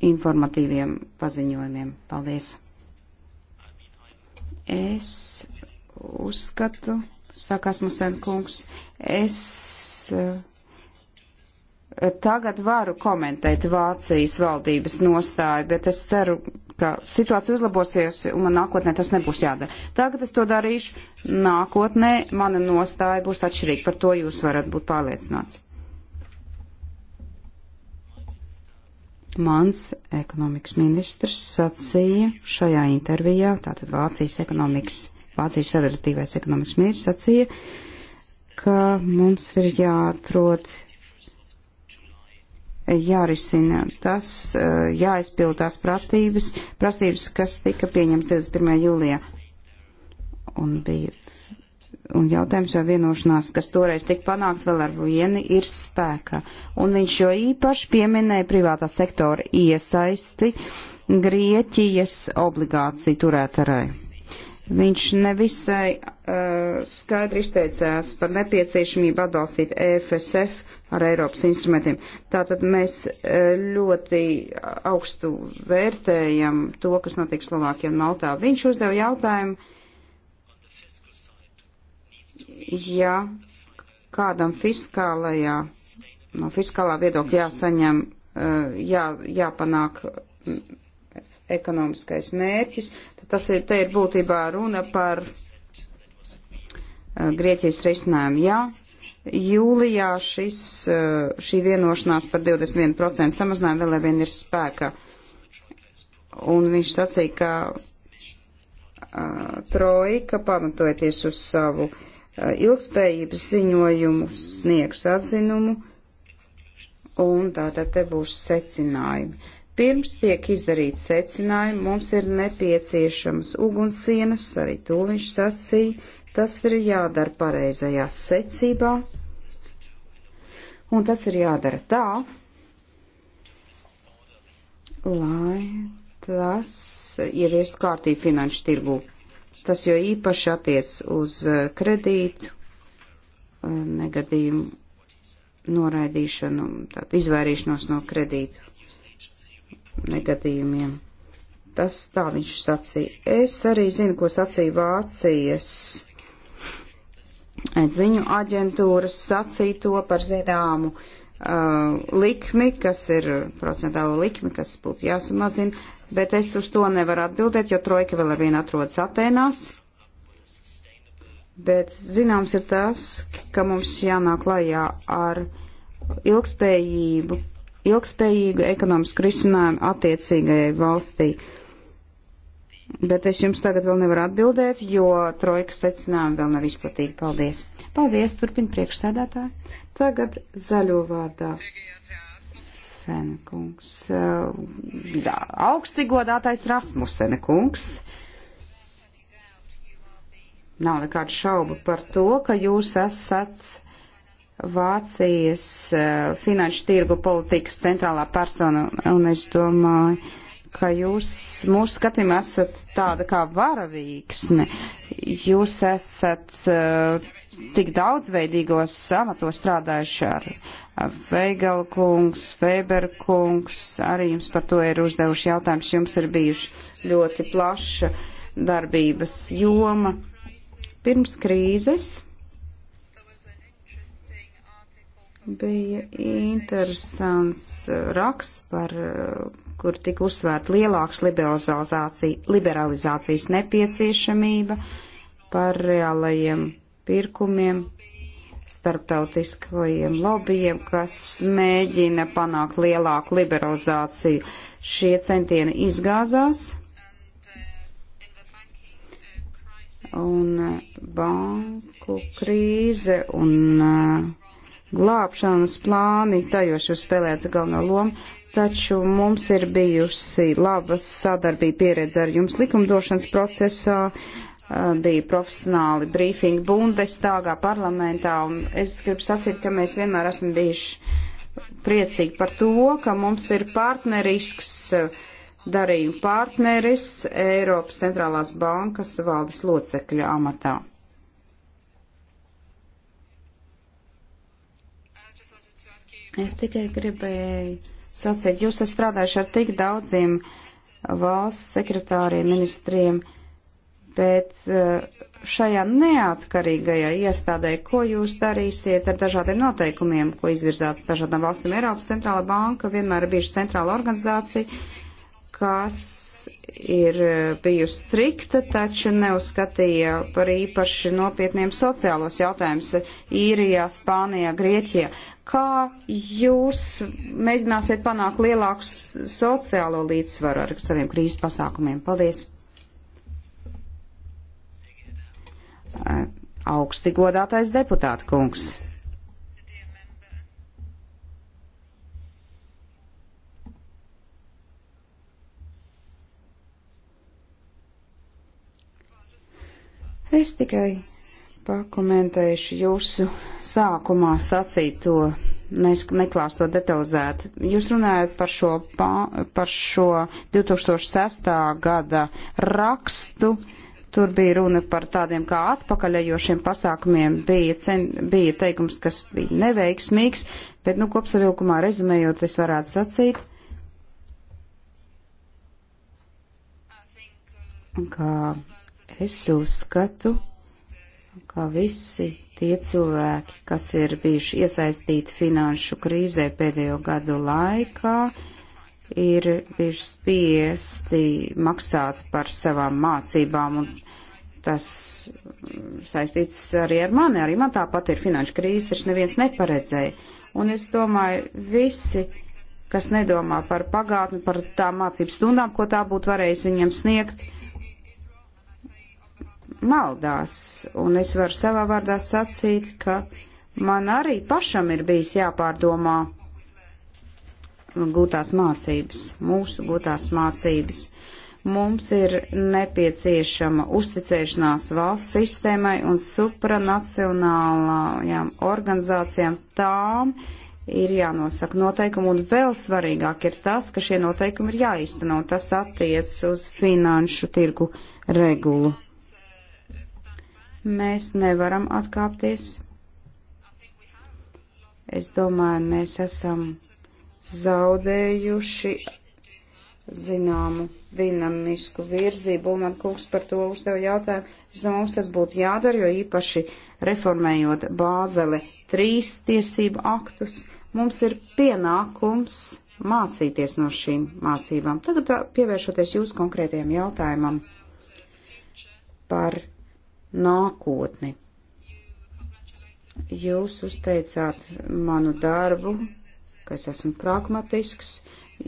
informatīviem paziņojumiem? Paldies! Es uzskatu, sakās Musēna kungs, es eh, tagad varu komentēt Vācijas valdības nostāju, bet es ceru, ka situācija uzlabosies un man nākotnē tas nebūs jādara. Tagad es to darīšu, nākotnē mana nostāja būs atšķirīga, par to jūs varat būt pārliecināts. Mans ekonomikas ministrs sacīja šajā intervijā, tātad Vācijas ekonomikas, Vācijas federatīvais ekonomikas ministrs sacīja, ka mums ir jāatrod, jārisina tas, eh, jāizpild tās pratības, prasības, kas tika pieņemts 21. jūlijā. Un bija Un jautājums, vai vienošanās, kas toreiz tika panākt vēl ar vieni, ir spēkā. Un viņš jo īpaši pieminēja privātā sektora iesaisti Grieķijas obligāciju turētārai. Viņš nevisai uh, skaidri izteicās par nepieciešamību atbalstīt EFSF ar Eiropas instrumentiem. Tātad mēs uh, ļoti augstu vērtējam to, kas notiek Slovākijā un Maltā. Viņš uzdeva jautājumu, ja kādam fiskālajā, no fiskālā viedokļa jāsaņem, eh, jā, jāpanāk ekonomiskais mērķis, tad tas ir, te ir būtībā runa par eh, Grieķijas risinājumu. Jā, jūlijā šis, eh, šī vienošanās par 21% samazinājumu vēl vien ir spēkā. Un viņš sacīja, ka uh, trojka pamatojoties uz savu uh, ilgspējības ziņojumu sniegs atzinumu, un tātad te būs secinājumi. Pirms tiek izdarīts secinājumi, mums ir nepieciešams ugunsienas, arī tūliņš sacīja, tas ir jādara pareizajā secībā, un tas ir jādara tā, lai tas ieviestu kārtību finanšu tirgū. Tas jo īpaši attiec uz eh, kredītu eh, negadījumu noraidīšanu, tātad izvairīšanos no kredītu negadījumiem. Tas tā viņš sacīja. Es arī zinu, ko sacīja Vācijas ziņu aģentūras sacīto par zināmu uh, likmi, kas ir procentāla likmi, kas būtu jāsamazina bet es uz to nevaru atbildēt, jo trojka vēl arvien atrodas Atēnās. Bet zināms ir tas, ka mums jānāk lajā ar ilgspējību, ilgspējīgu ekonomisku risinājumu attiecīgajai valstī. Bet es jums tagad vēl nevaru atbildēt, jo trojka secinājumi vēl nav izplatīti. Paldies! Paldies, turpina priekšsēdētāji. Tagad zaļo vārdā. Fēna kungs, eh, jā, augsti godātais Rasmusena kungs. Nav nekādu šaubu par to, ka jūs esat Vācijas eh, finanšu tirgu politikas centrālā persona, un es domāju, ka jūs mūsu skatījumā esat tāda kā varavīksne. Jūs esat uh, tik daudzveidīgos amatos strādājuši ar Veigalu kungs, Weber kungs, arī jums par to ir uzdevuši jautājums, jums ir bijuši ļoti plaša darbības joma. Pirms krīzes bija interesants raksts, par, kur tika uzsvērta lielāks liberalizācija, liberalizācijas nepieciešamība par reālajiem pirkumiem, starptautiskajiem lobbyiem, kas mēģina panākt lielāku liberalizāciju. Šie centieni izgāzās. Un uh, banku krīze un uh, glābšanas plāni tajos jau spēlētu galveno lomu, taču mums ir bijusi laba sadarbība pieredze ar jums likumdošanas procesā, uh, Eh, bija profesionāli brīfingi Bundestāgā parlamentā, un es gribu sacīt, ka mēs vienmēr esam bijuši priecīgi par to, ka mums ir partnerisks eh, darījuma partneris Eiropas centrālās bankas valdes locekļa amatā. Es tikai gribēju sacīt, jūs esat strādājuši ar tik daudziem valsts sekretāriem, ministriem, uh, bet eh, šajā neatkarīgajā iestādē, ko jūs darīsiet ar dažādiem noteikumiem, ko izvirzāt dažādām valstīm, Eiropas centrāla banka vienmēr ir bijusi centrāla organizācija, kas ir eh, bijusi strikta, taču neuzskatīja par īpaši nopietniem sociālos jautājumus īrijā, Spānijā, Grieķijā. Kā jūs mēģināsiet panākt lielāku sociālo līdzsvaru ar saviem krīzes pasākumiem? Paldies! augsti godātais deputāta kungs. Es tikai pakomentēšu jūsu sākumā sacīto, neklāstot detalizēti. Jūs runājat par šo, par šo 2006. gada rakstu Tur bija runa par tādiem kā atpakaļējošiem pasākumiem, bija, cen, bija teikums, kas bija neveiksmīgs, bet, nu, kopsavilkumā rezumējot, es varētu sacīt, ka es uzskatu, ka visi tie cilvēki, kas ir bijuši iesaistīti finanšu krīzē pēdējo gadu laikā, uh, ir bijuši spiesti maksāt par savām mācībām, un tas saistīts arī ar mani, arī man tāpat ir finanšu krīze, taču neviens neparedzēja. Un es domāju, visi, kas nedomā par pagātni, par tām mācību stundām, ko tā būtu varējis viņiem sniegt, maldās, un es varu savā vārdā sacīt, ka man arī pašam ir bijis jāpārdomā gūtās mācības, mūsu gūtās mācības. Mums ir nepieciešama uzticēšanās valsts sistēmai un supranacionālajām organizācijām. Tām ir jānosaka noteikumi, un vēl svarīgāk ir tas, ka šie noteikumi ir jāizteno. Tas attiec uz finanšu tirgu regulu. Mēs nevaram atkāpties. Es domāju, mēs esam zaudējuši zināmu dinamisku virzību. Man kungs par to uzdeva jautājumu. Es domāju, mums tas būtu jādara, jo īpaši reformējot Bāzele 3 tiesību aktus, mums ir pienākums mācīties no šīm mācībām. Tagad pievēršoties jūs konkrētajam jautājumam par nākotni. Jūs uzteicāt manu darbu, ka es esmu pragmatisks.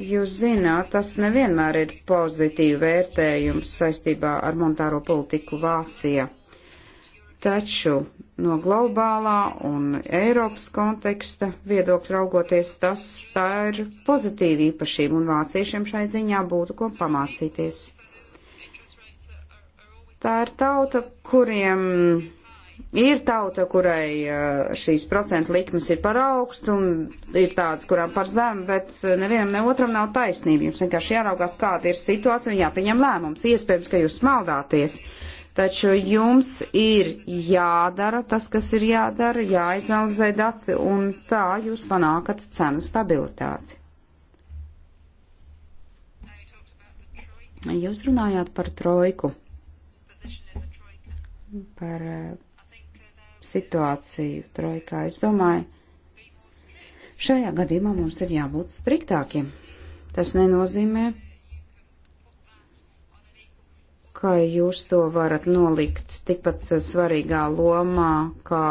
Jūs zināt, tas nevienmēr ir pozitīvi vērtējums saistībā ar monetāro politiku Vācijā. Taču no globālā un Eiropas konteksta viedokļa raugoties, tas tā ir pozitīva īpašība un vāciešiem šai ziņā būtu ko pamācīties. Tā ir tauta, kuriem Ir tauta, kurai eh, šīs procentu likmes ir par augstu, un ir tāds, kurām par zemu, bet eh, nevienam ne otram nav taisnība. Jums vienkārši jāraugās, kāda ir situācija un jāpieņem lēmums. Iespējams, ka jūs smaldāties, taču jums ir jādara tas, kas ir jādara, jāizanalizē dati, un tā jūs panākat cenu stabilitāti. Jūs runājāt par trojku, par eh, situāciju trojkā. Es domāju, šajā gadījumā mums ir jābūt striktākiem. Tas nenozīmē, ka jūs to varat nolikt tikpat svarīgā lomā kā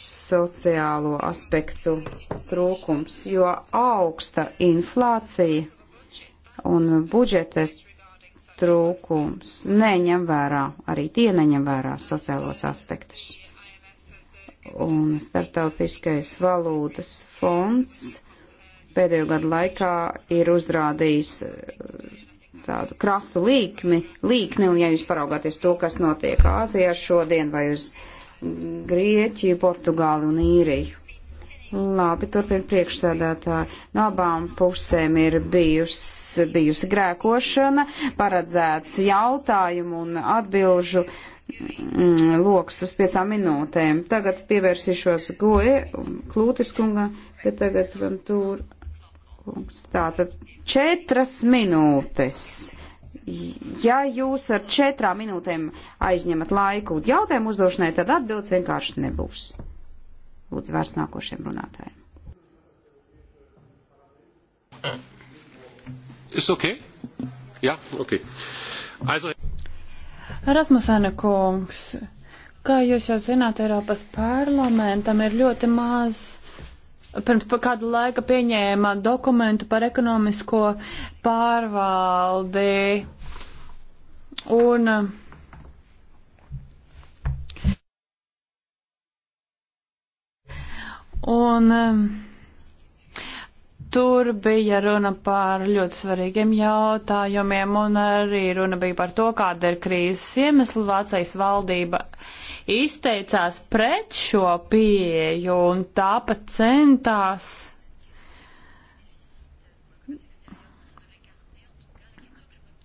sociālo aspektu trūkums, jo augsta inflācija un budžeta trūkums neņem vērā, arī tie neņem vērā sociālos aspektus un Startautiskais valūtas fonds pēdējo gadu laikā ir uzrādījis uh, tādu krasu līkmi, līkni, un ja jūs paraugāties to, kas notiek Āzijā šodien vai uz Grieķiju, Portugāli un Īriju. Labi, turpin priekšsēdētāji. No abām pusēm ir bijusi, bijusi grēkošana, paredzēts jautājumu un atbilžu uh, Mm, lokus uz piecām minūtēm. Tagad pievērsīšos goe, klūtis kunga, bet tagad man tur kungs. Tātad četras minūtes. Ja jūs ar četrām minūtēm aizņemat laiku jautājumu uzdošanai, tad atbildes vienkārši nebūs. Lūdzu, vairs nākošiem runātājiem. It's okay? Jā, yeah, okay. Also... Rasmusēna kungs, kā jūs jau zināt, Eiropas parlamentam ir ļoti maz pirms kādu laiku pieņēma dokumentu par ekonomisko pārvaldi. Un, un, un Tur bija runa par ļoti svarīgiem jautājumiem, un arī runa bija par to, kāda ir krīzes iemesla. Vācijas valdība izteicās pret šo pieeju un tāpat centās.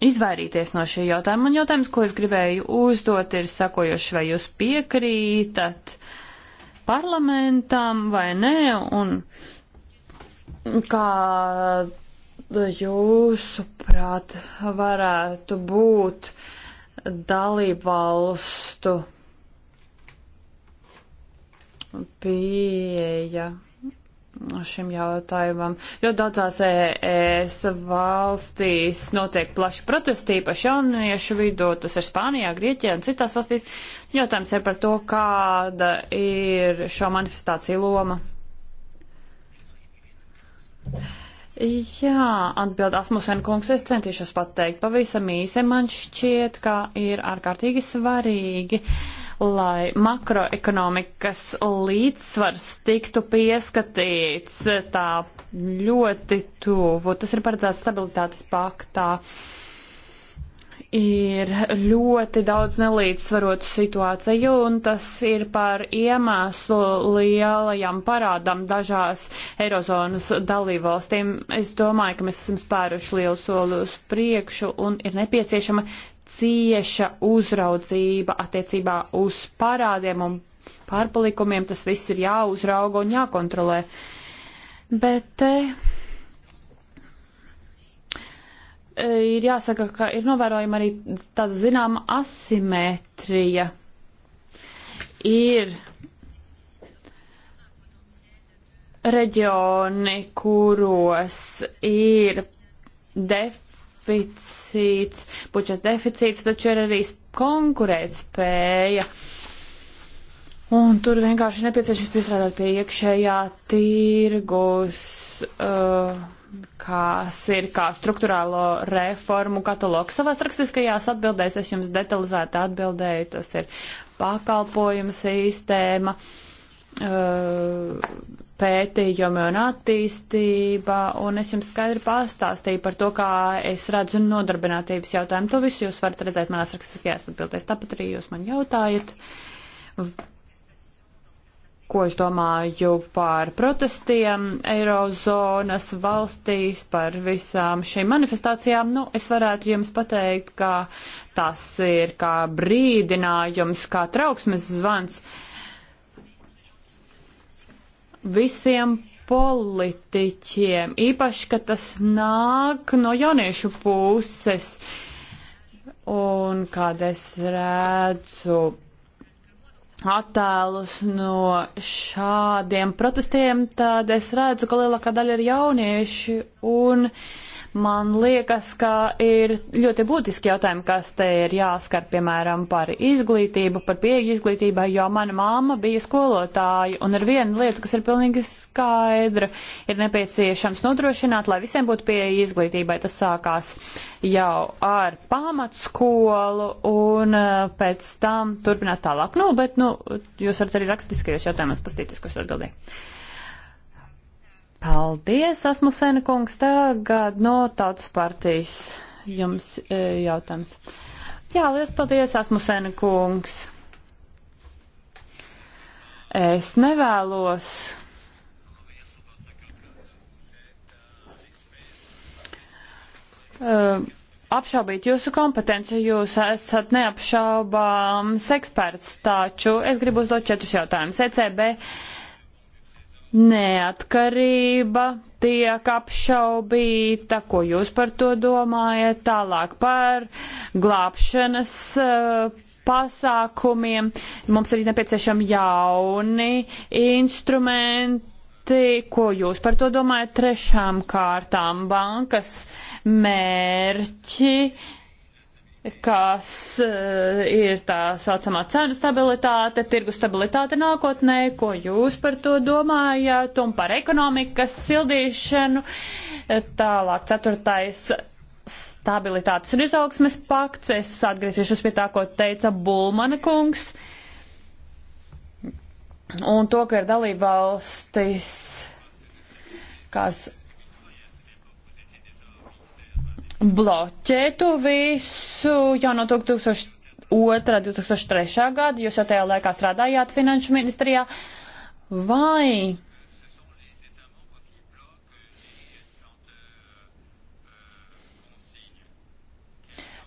Izvairīties no šī jautājuma. Un jautājums, ko es gribēju uzdot, ir sakojoši, vai jūs piekrītat parlamentam vai nē, un uh, kā jūsuprāt varētu būt dalībvalstu pieeja šim jautājumam, jo daudzās ES valstīs notiek plaši protesti, īpaši jauniešu vidū, tas ir Spānijā, Grieķijā un citās valstīs. Jautājums ir par to, kāda ir šo manifestāciju loma. Jā, atbild Asmusen kungs, es centīšos pateikt pavisam īsi. Man šķiet, ka ir ārkārtīgi svarīgi, lai makroekonomikas līdzsvars tiktu pieskatīts tā ļoti tuvu. Tas ir paredzēts stabilitātes paktā. Uh, ir ļoti daudz nelīdzsvarotu situāciju, un tas ir par iemeslu lielajam parādam dažās Eirozonas dalībvalstīm. Es domāju, ka mēs esam spēruši lielu soli uz priekšu, un ir nepieciešama cieša uzraudzība attiecībā uz parādiem un pārpalikumiem. Tas viss ir jāuzrauga un jākontrolē. Bet te. Eh, E, ir jāsaka, ka ir novērojama arī tāda zināma asimetrija. Ir reģioni, kuros ir deficīts, budžeta deficīts, taču ir arī konkurētspēja. Un tur vienkārši nepieciešams piestrādāt pie iekšējā tirgus. Uh, kas ir kā struktūrālo reformu katalogs. Savās rakstiskajās atbildēs es jums detalizēti atbildēju, tas ir pakalpojumu sistēma, eh, pētījumi un attīstība, un es jums skaidri pastāstīju par to, kā es redzu nodarbinātības jautājumu. To visu jūs varat redzēt manās rakstiskajās atbildēs. Tāpat arī jūs man jautājat ko es domāju par protestiem Eirozonas valstīs, par visām šīm manifestācijām, nu, es varētu jums pateikt, ka tas ir kā brīdinājums, kā trauksmes zvans visiem politiķiem, īpaši, ka tas nāk no jauniešu puses. Un kad es redzu attēlus no šādiem protestiem, tad es redzu, ka lielākā daļa ir jaunieši un uh, Man liekas, ka ir ļoti būtiski jautājumi, kas te ir jāskar, piemēram, par izglītību, par pieeju izglītībai, jo mana māma bija skolotāja, un ir viena lieta, kas ir pilnīgi skaidra, ir nepieciešams nodrošināt, lai visiem būtu pieeja izglītībai. Tas sākās jau ar pamatskolu, un eh, pēc tam turpinās tālāk. Nu, bet, nu, jūs varat arī rakstiskajos jautājumos pastīties, ko es atbildēju. Paldies, Asmusēna kungs. Tagad no tautas partijas jums e, jautājums. Jā, liels paldies, Asmusēna kungs. Es nevēlos. Uh, apšaubīt jūsu kompetenci, jūs esat neapšaubāms eksperts, taču es gribu uzdot četrus jautājumus. ECB neatkarība tiek apšaubīta, ko jūs par to domājat, tālāk par glābšanas uh, pasākumiem. Mums arī nepieciešami jauni instrumenti, ko jūs par to domājat trešām kārtām bankas mērķi kas uh, ir tā saucamā cenu stabilitāte, tirgu stabilitāte nākotnē, ko jūs par to domājat un par ekonomikas sildīšanu. Eh, tālāk, ceturtais stabilitātes un izaugsmes pakts. Es atgriezīšos pie tā, ko teica Bulmana kungs. Un to, ka ir dalībvalstis, kas bloķē to visu jau no 2002. 2003. gada, jūs jau tajā laikā strādājāt finanšu ministrijā, vai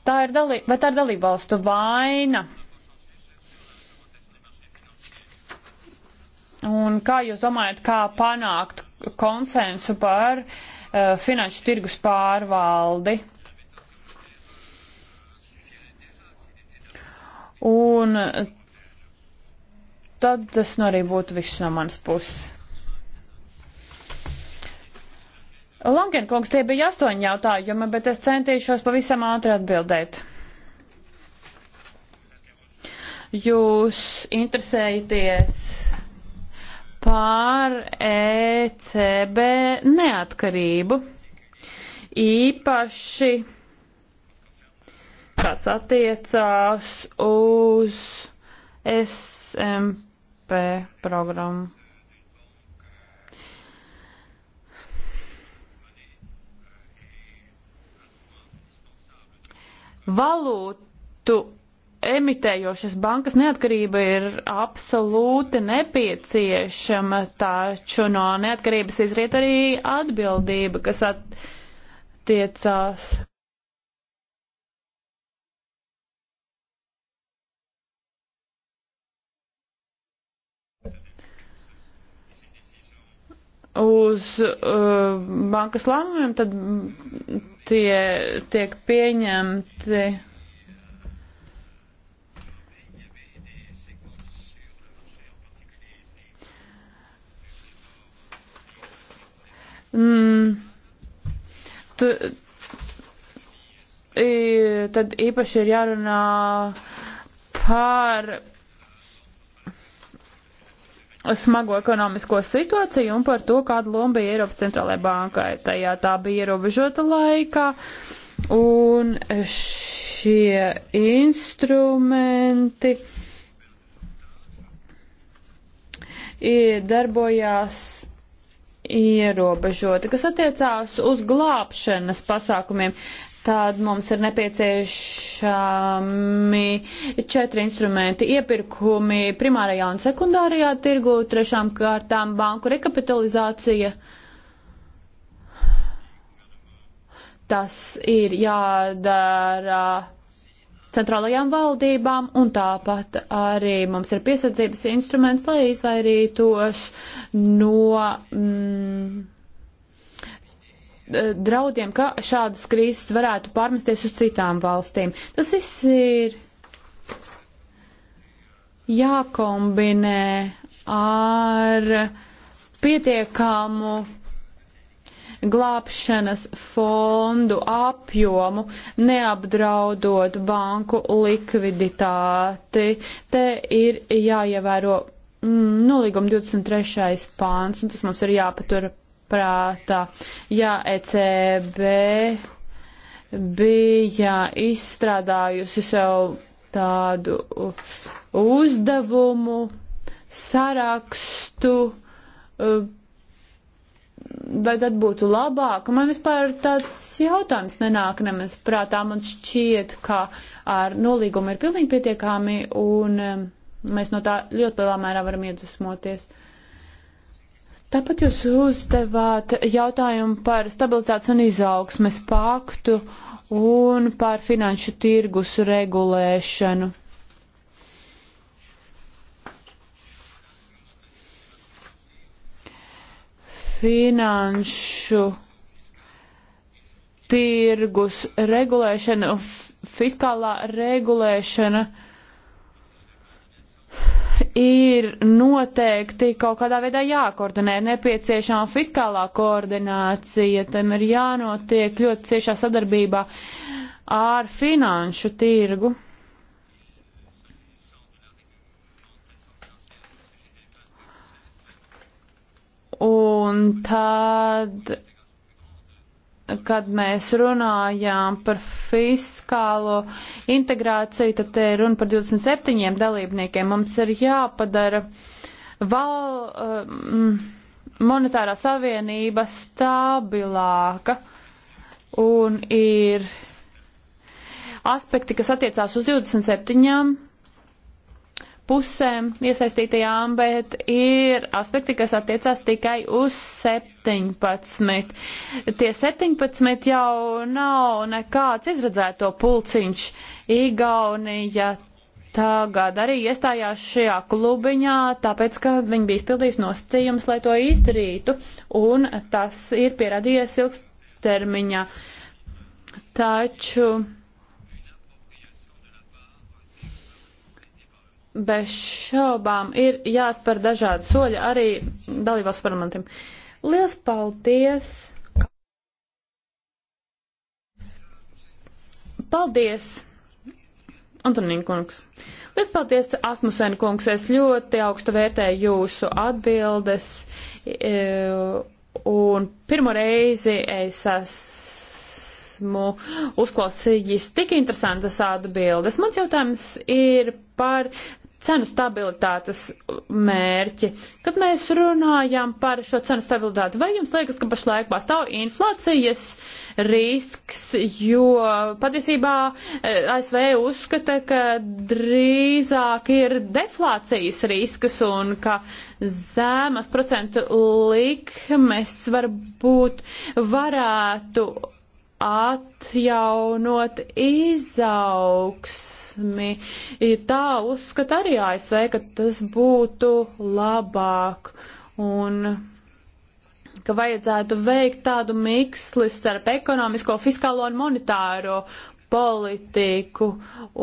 tā ir, dalī, vai tā ir dalībvalstu vaina? Un kā jūs domājat, kā panākt konsensu par uh, Uh, finanšu tirgus pārvaldi. Un tad tas nu arī būtu viss no manas puses. Lankenkungs, tie bija astoņi jautājumi, bet es centīšos pavisam ātri atbildēt. Jūs interesējaties pār ECB neatkarību. Īpaši, kas attiecās uz SMP programmu. Valūtu emitējošas bankas neatkarība ir absolūti nepieciešama, taču no neatkarības izriet arī atbildība, kas attiecās. Uz uh, bankas lēmumiem tad tie tiek pieņemti Mm, tu, i, tad īpaši ir jārunā par smago ekonomisko situāciju un par to, kāda loma bija Eiropas centrālajai bankai. Tajā tā bija ierobežota laikā, un šie instrumenti darbojās ierobežota. Kas attiecās uz glābšanas pasākumiem, tad mums ir nepieciešami četri instrumenti - iepirkumi primārajā un sekundārajā tirgu, trešām kārtām banku rekapitalizācija. Tas ir jādara centrālajām valdībām, un tāpat arī mums ir piesardzības instruments, lai izvairītos no mm, draudiem, ka šādas krīzes varētu pārmesties uz citām valstīm. Tas viss ir jākombinē ar pietiekamu glābšanas fondu apjomu, neapdraudot banku likviditāti. Te ir jāievēro mm, nolīguma 23. pāns, un tas mums ir jāpatur prātā. Jā, ECB bija izstrādājusi sev tādu uzdevumu, sarakstu, uh, vai tad būtu labāk? Man vispār tāds jautājums nenāk nemaz prātā. Man šķiet, ka ar nolīgumu ir pilnīgi pietiekami un um, mēs no tā ļoti lielā mērā varam iedvesmoties. Tāpat jūs uzdevāt jautājumu par stabilitātes un izaugsmes paktu un par finanšu tirgus regulēšanu. finanšu tirgus regulēšana un fiskālā regulēšana ir noteikti kaut kādā veidā jākoordinē. Nepieciešama fiskālā koordinācija, tam ir jānotiek ļoti ciešā sadarbībā ar finanšu tirgu. Un tad, kad mēs runājām par fiskālo integrāciju, tad te ir runa par 27 dalībniekiem. Mums ir jāpadara val, um, monetārā savienība stabilāka un ir aspekti, kas attiecās uz 27 pusēm iesaistītajām, bet ir aspekti, kas attiecās tikai uz 17. Tie 17 jau nav nekāds izredzēto pulciņš. Igaunija tagad arī iestājās šajā klubiņā, tāpēc, ka viņi bija izpildījuši nosacījumus, lai to izdarītu, un tas ir pierādījies ilgstermiņā. Taču bez šaubām ir jāspēr dažādi soļi arī dalībās parlamentiem. Lielas paldies! Paldies! Antonīna kungs. Lielas paldies, Asmusen kungs. Es ļoti augstu vērtēju jūsu atbildes. E, un pirmo reizi es esmu uzklausījis tik interesantas atbildes. Mans jautājums ir par cenu stabilitātes mērķi. Kad mēs runājam par šo cenu stabilitāti, vai jums liekas, ka pašlaik pastāv inflācijas risks, jo patiesībā eh, ASV uzskata, ka drīzāk ir deflācijas risks un ka zemes procentu likmes varbūt varētu atjaunot izaugs izaugsmi. Tā uzskata arī ASV, ka tas būtu labāk. Un ka vajadzētu veikt tādu miksli starp ekonomisko, fiskālo un monetāro politiku.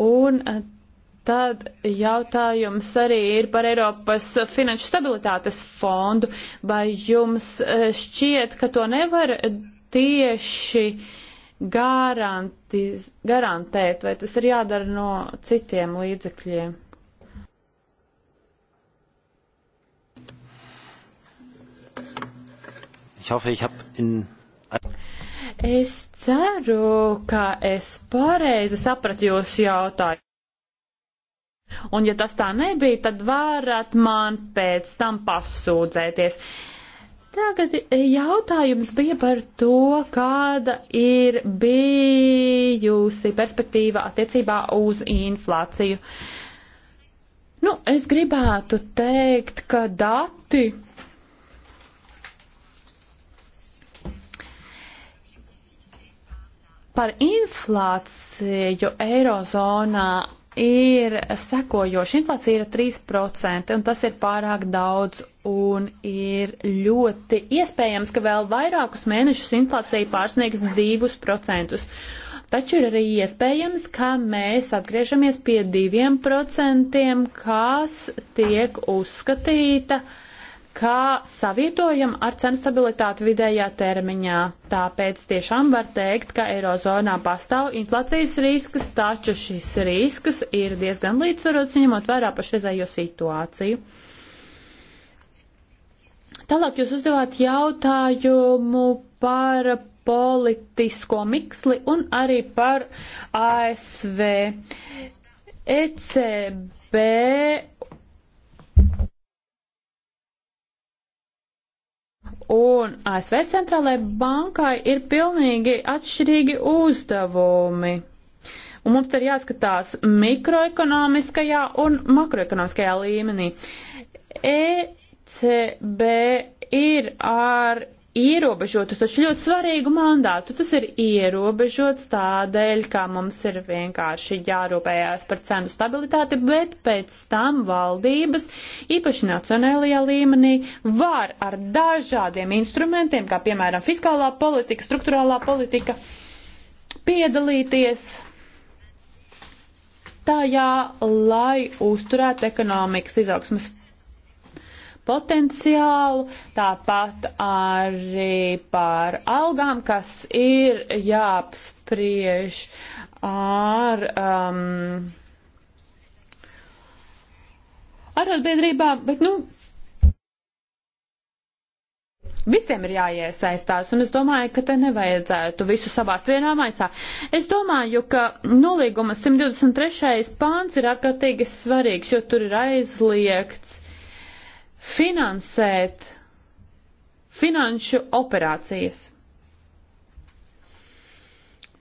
Un eh, Tad jautājums arī ir par Eiropas finanšu stabilitātes fondu. Vai jums eh, šķiet, ka to nevar tieši uh, garantiz, garantēt, vai tas ir jādara no citiem līdzekļiem? Ich hoffe, ich habe in Es ceru, ka es pareizi sapratu jūsu jautājumu. Un ja tas tā nebija, tad varat man pēc tam pasūdzēties. Tagad e, jautājums bija par to, kāda ir bijusi perspektīva attiecībā uz inflāciju. Nu, es gribētu teikt, ka dati. Par inflāciju Eirozonā ir sekojoši. Inflācija ir 3%, un tas ir pārāk daudz, un ir ļoti iespējams, ka vēl vairākus mēnešus inflācija pārsniegs 2%. Taču ir arī iespējams, ka mēs atgriežamies pie 2%, kas tiek uzskatīta uh, kā savietojam ar cenu stabilitāti vidējā termiņā. Tāpēc tiešām var teikt, ka Eirozonā pastāv inflācijas risks, taču šis risks ir diezgan līdzsvarots, ņemot vērā pašreizējo situāciju. Tālāk jūs uzdevāt jautājumu par politisko miksli un arī par ASV. ECB Un ASV centrālajai bankai ir pilnīgi atšķirīgi uzdevumi. Un mums te ir jāskatās mikroekonomiskajā un makroekonomiskajā līmenī. ECB ir ar ierobežotu, taču ļoti svarīgu mandātu. Tas ir ierobežots tādēļ, ka mums ir vienkārši jārūpējās par cenu stabilitāti, bet pēc tam valdības, īpaši nacionālajā līmenī, var ar dažādiem instrumentiem, kā piemēram fiskālā politika, struktūrālā politika, piedalīties tajā, lai uzturētu ekonomikas izaugsmas potenciālu, tāpat arī par algām, kas ir jāapspriež ar um, arotbiedrībām, bet, nu, Visiem ir jāiesaistās, un es domāju, ka te nevajadzētu visu savās vienā maisā. Es domāju, ka nolīguma 123. pāns ir ārkārtīgi svarīgs, jo tur ir aizliegts finansēt finanšu operācijas.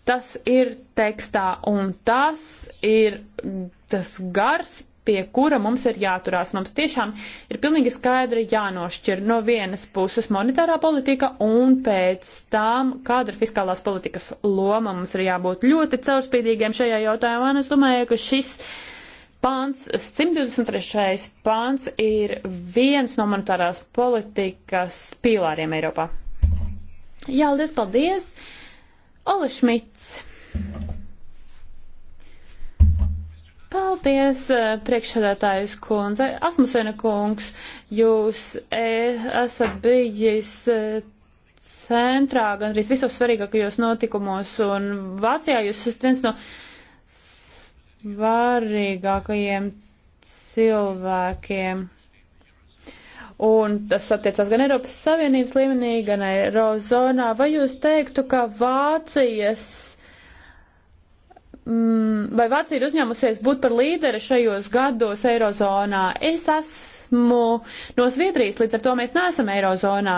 Tas ir tekstā un tas ir tas gars, pie kura mums ir jāturās. Mums tiešām ir pilnīgi skaidri jānošķir no vienas puses monetārā politika un pēc tam, kāda ir fiskālās politikas loma. Mums ir jābūt ļoti caurspīdīgiem šajā jautājumā, un es domāju, ka šis uh, pāns, 123. pāns ir viens no monetārās politikas pīlāriem Eiropā. Jā, liels paldies! Ole Šmits! Paldies, eh, priekšsēdētājs kundze. Asmusena kungs, jūs eh, esat bijis eh, centrā gan arī visos svarīgākajos notikumos, un Vācijā jūs esat viens no vārīgākajiem cilvēkiem. Un tas attiecās gan Eiropas Savienības līmenī, gan Eirozonā. Vai jūs teiktu, ka Vācijas, mm, vai Vācija ir uzņēmusies būt par līderi šajos gados Eirozonā? Es esmu no Zviedrijas, līdz ar to mēs neesam Eirozonā.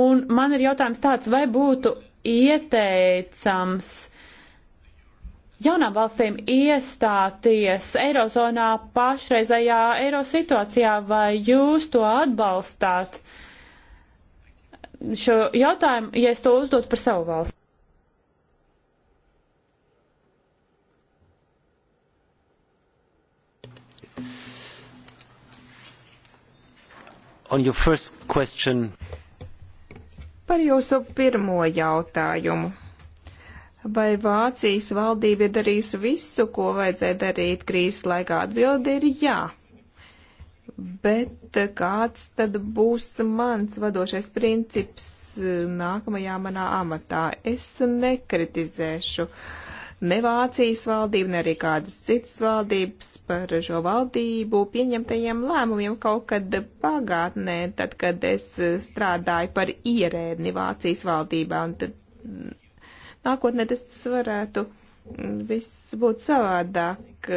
Un man ir jautājums tāds, vai būtu ieteicams jaunām valstīm iestāties Eirozonā pašreizējā eiro situācijā, vai jūs to atbalstāt? Šo jautājumu, ja es to uzdotu par savu valsti. On your first question. Par jūsu pirmo jautājumu Vai Vācijas valdība ir darījusi visu, ko vajadzēja darīt krīzes laikā? Atbildi ir jā. Bet kāds tad būs mans vadošais princips eh, nākamajā manā amatā? Es nekritizēšu ne Vācijas valdību, ne arī kādas citas valdības par šo valdību pieņemtajiem lēmumiem kaut kad pagātnē, tad, kad es strādāju par ierēdni Vācijas valdībā. Un tad nākotnē tas varētu mm, viss būt savādāk.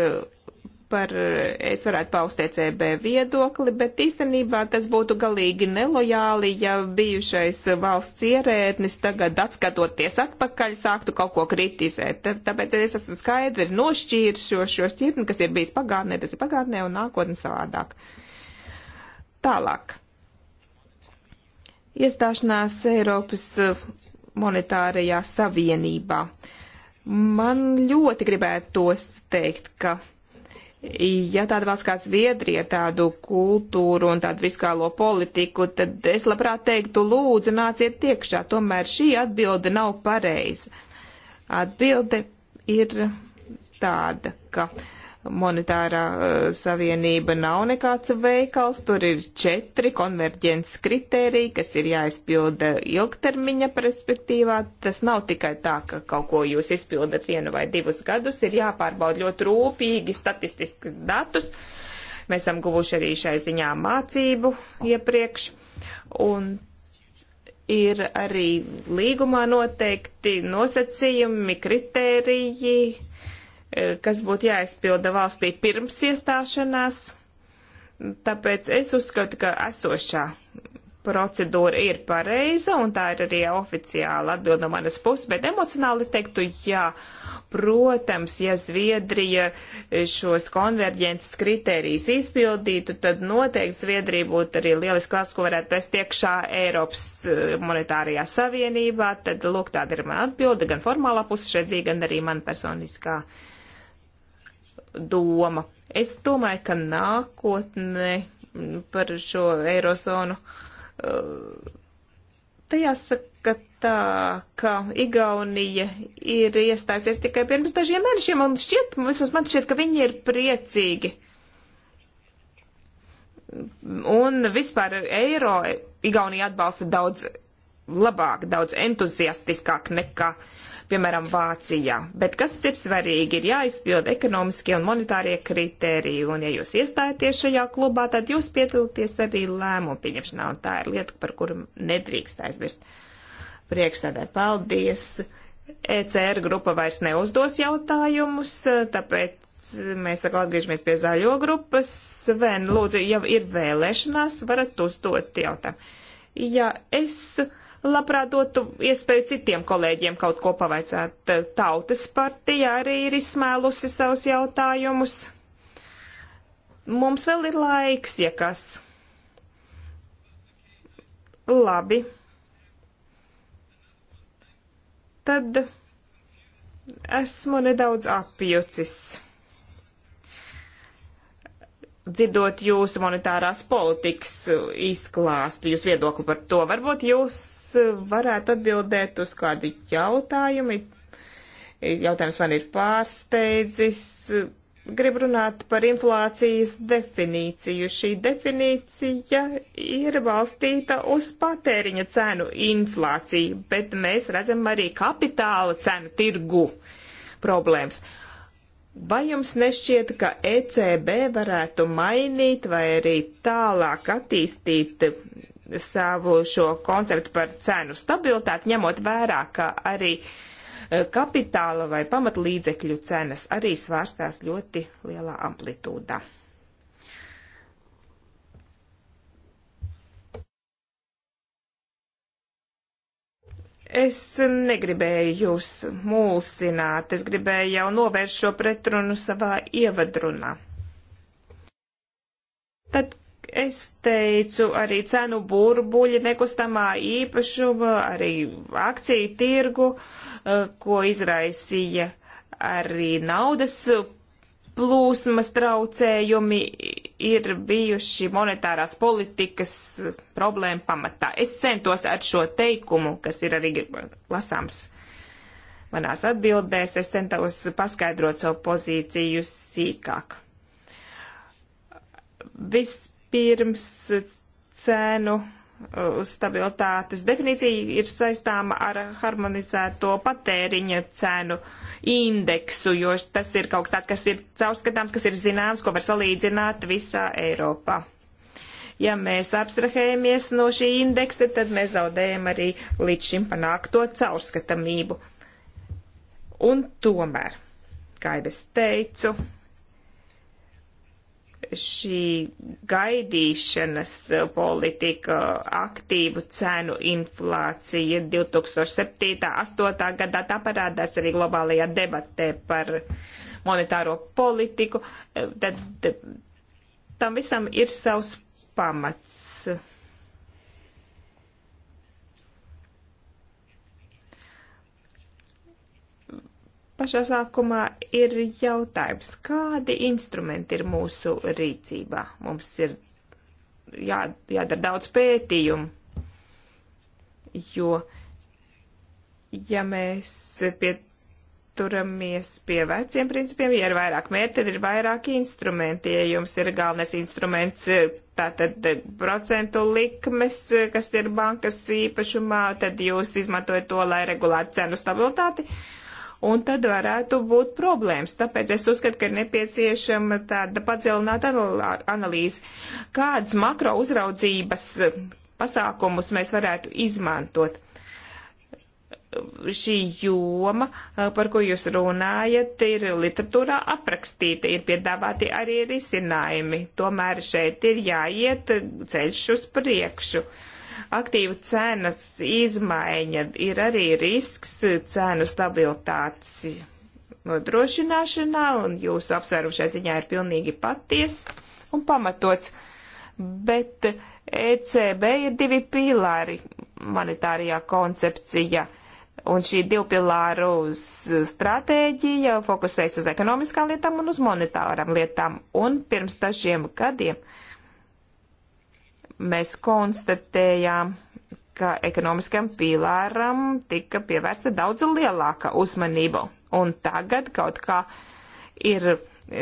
Par, es varētu paust ECB viedokli, bet īstenībā tas būtu galīgi nelojāli, ja bijušais valsts ierēdnis tagad atskatoties atpakaļ sāktu kaut ko kritizēt. Tāpēc es esmu skaidri nošķīris šo, šo šķirtni, kas ir bijis pagātnē, tas ir pagātnē un nākotnē savādāk. Tālāk. Iestāšanās Eiropas monetārajā savienībā. Man ļoti gribētos teikt, ka ja tāda valsts kā Zviedrija tādu kultūru un tādu fiskālo politiku, tad es labprāt teiktu, lūdzu, nāciet iekšā. Tomēr šī atbilde nav pareiza. Atbilde ir tāda, ka uh, monetārā eh, savienība nav nekāds veikals, tur ir četri konverģents kriteriji, kas ir jāizpilda ilgtermiņa perspektīvā. Tas nav tikai tā, ka kaut ko jūs izpildat vienu vai divus gadus, ir jāpārbauda ļoti rūpīgi statistiskas datus. Mēs esam guvuši arī šai ziņā mācību iepriekš. Un ir arī līgumā noteikti nosacījumi, kritēriji, Eh, kas būtu jāizpilda valstī pirms iestāšanās. Tāpēc es uzskatu, ka esošā procedūra ir pareiza, un tā ir arī oficiāla atbilda no manas puses, bet emocionāli es teiktu, jā, protams, ja Zviedrija šos konverģences kriterijus izpildītu, tad noteikti Zviedrija būtu arī lieliski valsts, ko varētu pēst iekšā Eiropas eh, monetārajā savienībā, tad, lūk, tāda ir mana atbilda, gan formālā puse šeit bija, gan arī man personiskā. Uh, doma. Es domāju, ka nākotnē par šo eirozonu uh, te jāsaka tā, ka Igaunija ir iestājusies tikai pirms dažiem mēnešiem, un šķiet, vismaz man šķiet, ka viņi ir priecīgi. Un vispār eiro Igaunija atbalsta daudz labāk, daudz entuziastiskāk nekā uh, piemēram, Vācijā. Bet kas ir svarīgi, ir jāizpilda ekonomiskie un monetārie kritēriji, un ja jūs iestājaties šajā klubā, tad jūs piedalāties arī lēmumu pieņemšanā, un tā ir lieta, par kuru nedrīkst aizmirst. Priekšstādē, paldies! ECR grupa vairs neuzdos jautājumus, tāpēc mēs atkal atgriežamies pie zaļo grupas. Sven, lūdzu, ja ir vēlēšanās, varat uzdot jautājumu. Ja es labprāt dotu iespēju citiem kolēģiem kaut ko pavaicāt. Tautas partija arī ir izsmēlusi savus jautājumus. Mums vēl ir laiks, ja kas. Labi. Tad esmu nedaudz apjucis dzirdot jūsu monetārās politikas izklāstu, jūsu viedokli par to. Varbūt jūs varētu atbildēt uz kādu jautājumu. Jautājums man ir pārsteidzis. Gribu runāt par inflācijas definīciju. Šī definīcija ir balstīta uz patēriņa cenu inflāciju, bet mēs redzam arī kapitāla cenu tirgu problēmas. Uh, Vai jums nešķiet, ka ECB varētu mainīt vai arī tālāk attīstīt savu šo konceptu par cenu stabilitāti, ņemot vērā, ka arī e, kapitāla vai pamatlīdzekļu cenas arī svārstās ļoti lielā amplitūdā? Es negribēju jūs mulsināt, es gribēju jau novērst šo pretrunu savā ievadrunā. Tad es teicu, arī cenu burbuļi nekustamā īpašuma, arī akciju tirgu, eh, ko izraisīja arī naudas plūsmas traucējumi ir bijuši monetārās politikas problēma pamatā. Es centos ar šo teikumu, kas ir arī lasāms manās atbildēs, es centos paskaidrot savu pozīciju sīkāk. Vispirms cenu uh, stabilitātes definīcija ir saistāma ar harmonizēto patēriņa cenu uh, indeksu, jo tas ir kaut kas tāds, kas ir caurskatāms, kas ir zināms, ko var salīdzināt visā Eiropā. Ja mēs apstrahējamies no šī indeksa, tad mēs zaudējam arī līdz šim panākto caurskatamību. Un tomēr, kā jau es teicu, šī gaidīšanas politika, aktīvu cenu inflācija 2007. 8. gadā tā parādās arī globālajā debatē par monetāro politiku, tad tam visam ir savs pamats pašā sākumā ir jautājums, kādi instrumenti ir mūsu rīcībā? Mums ir jā, jādara daudz pētījumu, jo, ja mēs pieturamies pie veciem principiem, ja ir vairāk mērķi, tad ir vairāk instrumenti. Ja jums ir galvenais instruments, eh, tātad eh, procentu likmes, eh, kas ir bankas īpašumā, tad jūs izmantojat to, lai regulētu cenu stabilitāti. Uh, un tad varētu būt problēmas. Tāpēc es uzskatu, ka ir nepieciešama tāda padziļināta analīze, kādas makro uzraudzības pasākumus mēs varētu izmantot šī joma, par ko jūs runājat, ir literatūrā aprakstīta, ir piedāvāti arī risinājumi. Tomēr šeit ir jāiet ceļš uz priekšu. Uh, aktīvu cenas izmaiņa ir arī risks cenu stabilitātes nodrošināšanā, un jūsu apsvērums šai ziņā ir pilnīgi paties un pamatots. Bet ECB ir divi pīlāri monetārijā koncepcija, un šī divpilāru stratēģija fokusējas uz ekonomiskām lietām un uz monetārām lietām, un pirms dažiem gadiem. Uh, mēs konstatējām, ka ekonomiskam pīlāram tika pievērsta daudz lielāka uzmanība. Un tagad kaut kā ir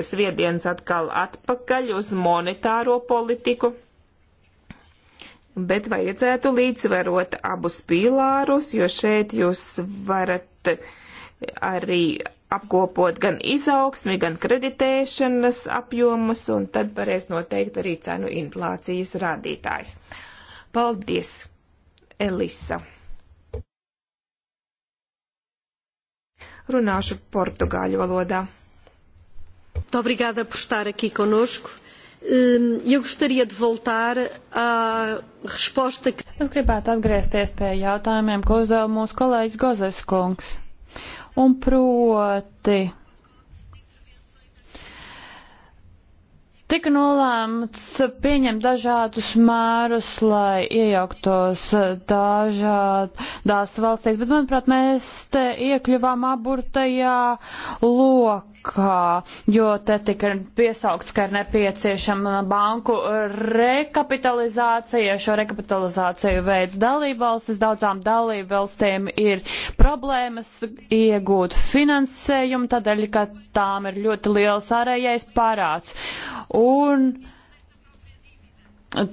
sviediens atkal atpakaļ uz monetāro politiku. Bet vajadzētu līdzsvarot abus pīlārus, jo šeit jūs varat arī apkopot gan izaugsmi, gan kreditēšanas apjomus, un tad varēs noteikt arī cenu inflācijas rādītājs. Paldies, Elisa! Runāšu portugāļu valodā. Obrigada por estar aqui conosco. Eu gostaria de voltar à resposta que. Es gribētu atgriezties pie jautājumiem, ko uzdeva mūsu kolēģis Gozes kungs un proti tika nolēmts pieņemt dažādus mērus, lai iejauktos dažādās valstīs, bet, manuprāt, mēs te iekļuvām aburtajā lokā kā, jo te tika piesaukts, ka ir nepieciešama banku rekapitalizācija. Šo rekapitalizāciju veids dalībvalstis. Daudzām dalībvalstīm ir problēmas iegūt finansējumu, tādēļ, ka tām ir ļoti liels ārējais parāds. Un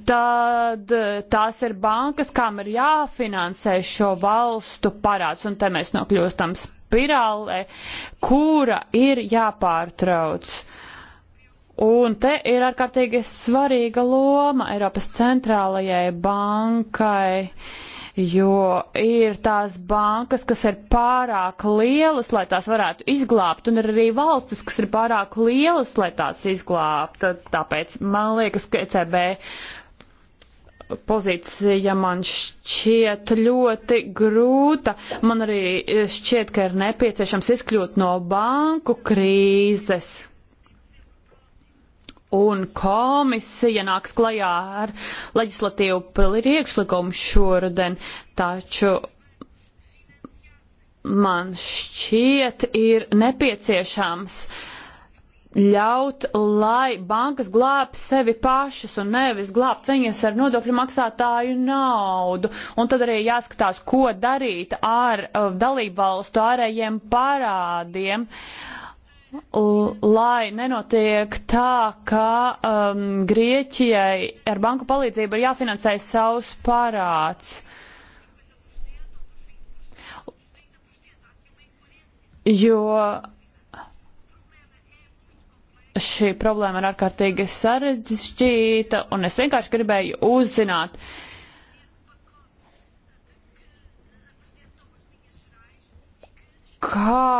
tad tās ir bankas, kam ir jāfinansē šo valstu parāds, un te mēs nokļūstam spēlē spirālē, kura ir jāpārtrauc. Un te ir ārkārtīgi svarīga loma Eiropas centrālajai bankai, jo ir tās bankas, kas ir pārāk lielas, lai tās varētu izglābt, un ir arī valstis, kas ir pārāk lielas, lai tās izglābt. Tāpēc man liekas, ka ECB pozīcija man šķiet ļoti grūta. Man arī šķiet, ka ir nepieciešams izkļūt no banku krīzes. Un komisija nāks klajā ar leģislatīvu priekšlikumu šoruden, taču man šķiet ir nepieciešams uh, ļaut, lai bankas glābj sevi pašas un nevis glābt viņas ar nodokļu maksātāju naudu. Un tad arī jāskatās, ko darīt ar uh, dalību valstu ārējiem parādiem. Lai nenotiek tā, ka um, Grieķijai ar banku palīdzību ir jāfinansē savs parāds. Jo šī problēma ir ārkārtīgi sarežģīta, un es vienkārši gribēju uzzināt. Kā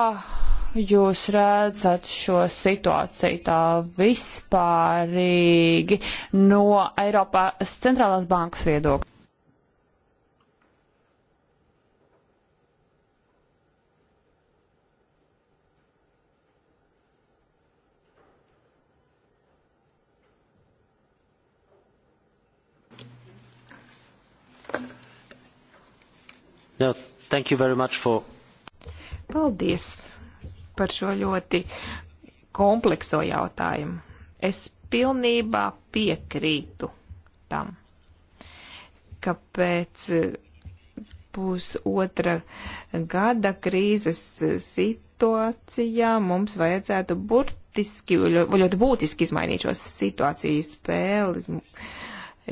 jūs redzat šo situāciju tā vispārīgi no Eiropas centrālās bankas viedokļa? No, thank you very much for. Paldies par šo ļoti komplekso jautājumu. Es pilnībā piekrītu tam, kāpēc pusotra eh, gada krīzes situācijā mums vajadzētu burtiski, ļoti būtiski izmainīt šo situāciju spēli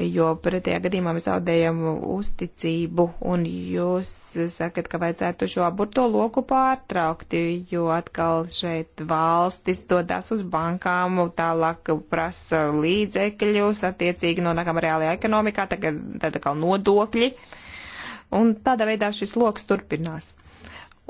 jo pretējā gadījumā mēs zaudējam uzticību, un jūs sakat, ka vajadzētu šo aburto loku pārtraukt, jo atkal šeit valstis dodas uz bankām, tālāk prasa līdzekļus, attiecīgi nonākam reālajā ekonomikā, tagad, tagad atkal nodokļi, un tādā veidā šis loks turpinās.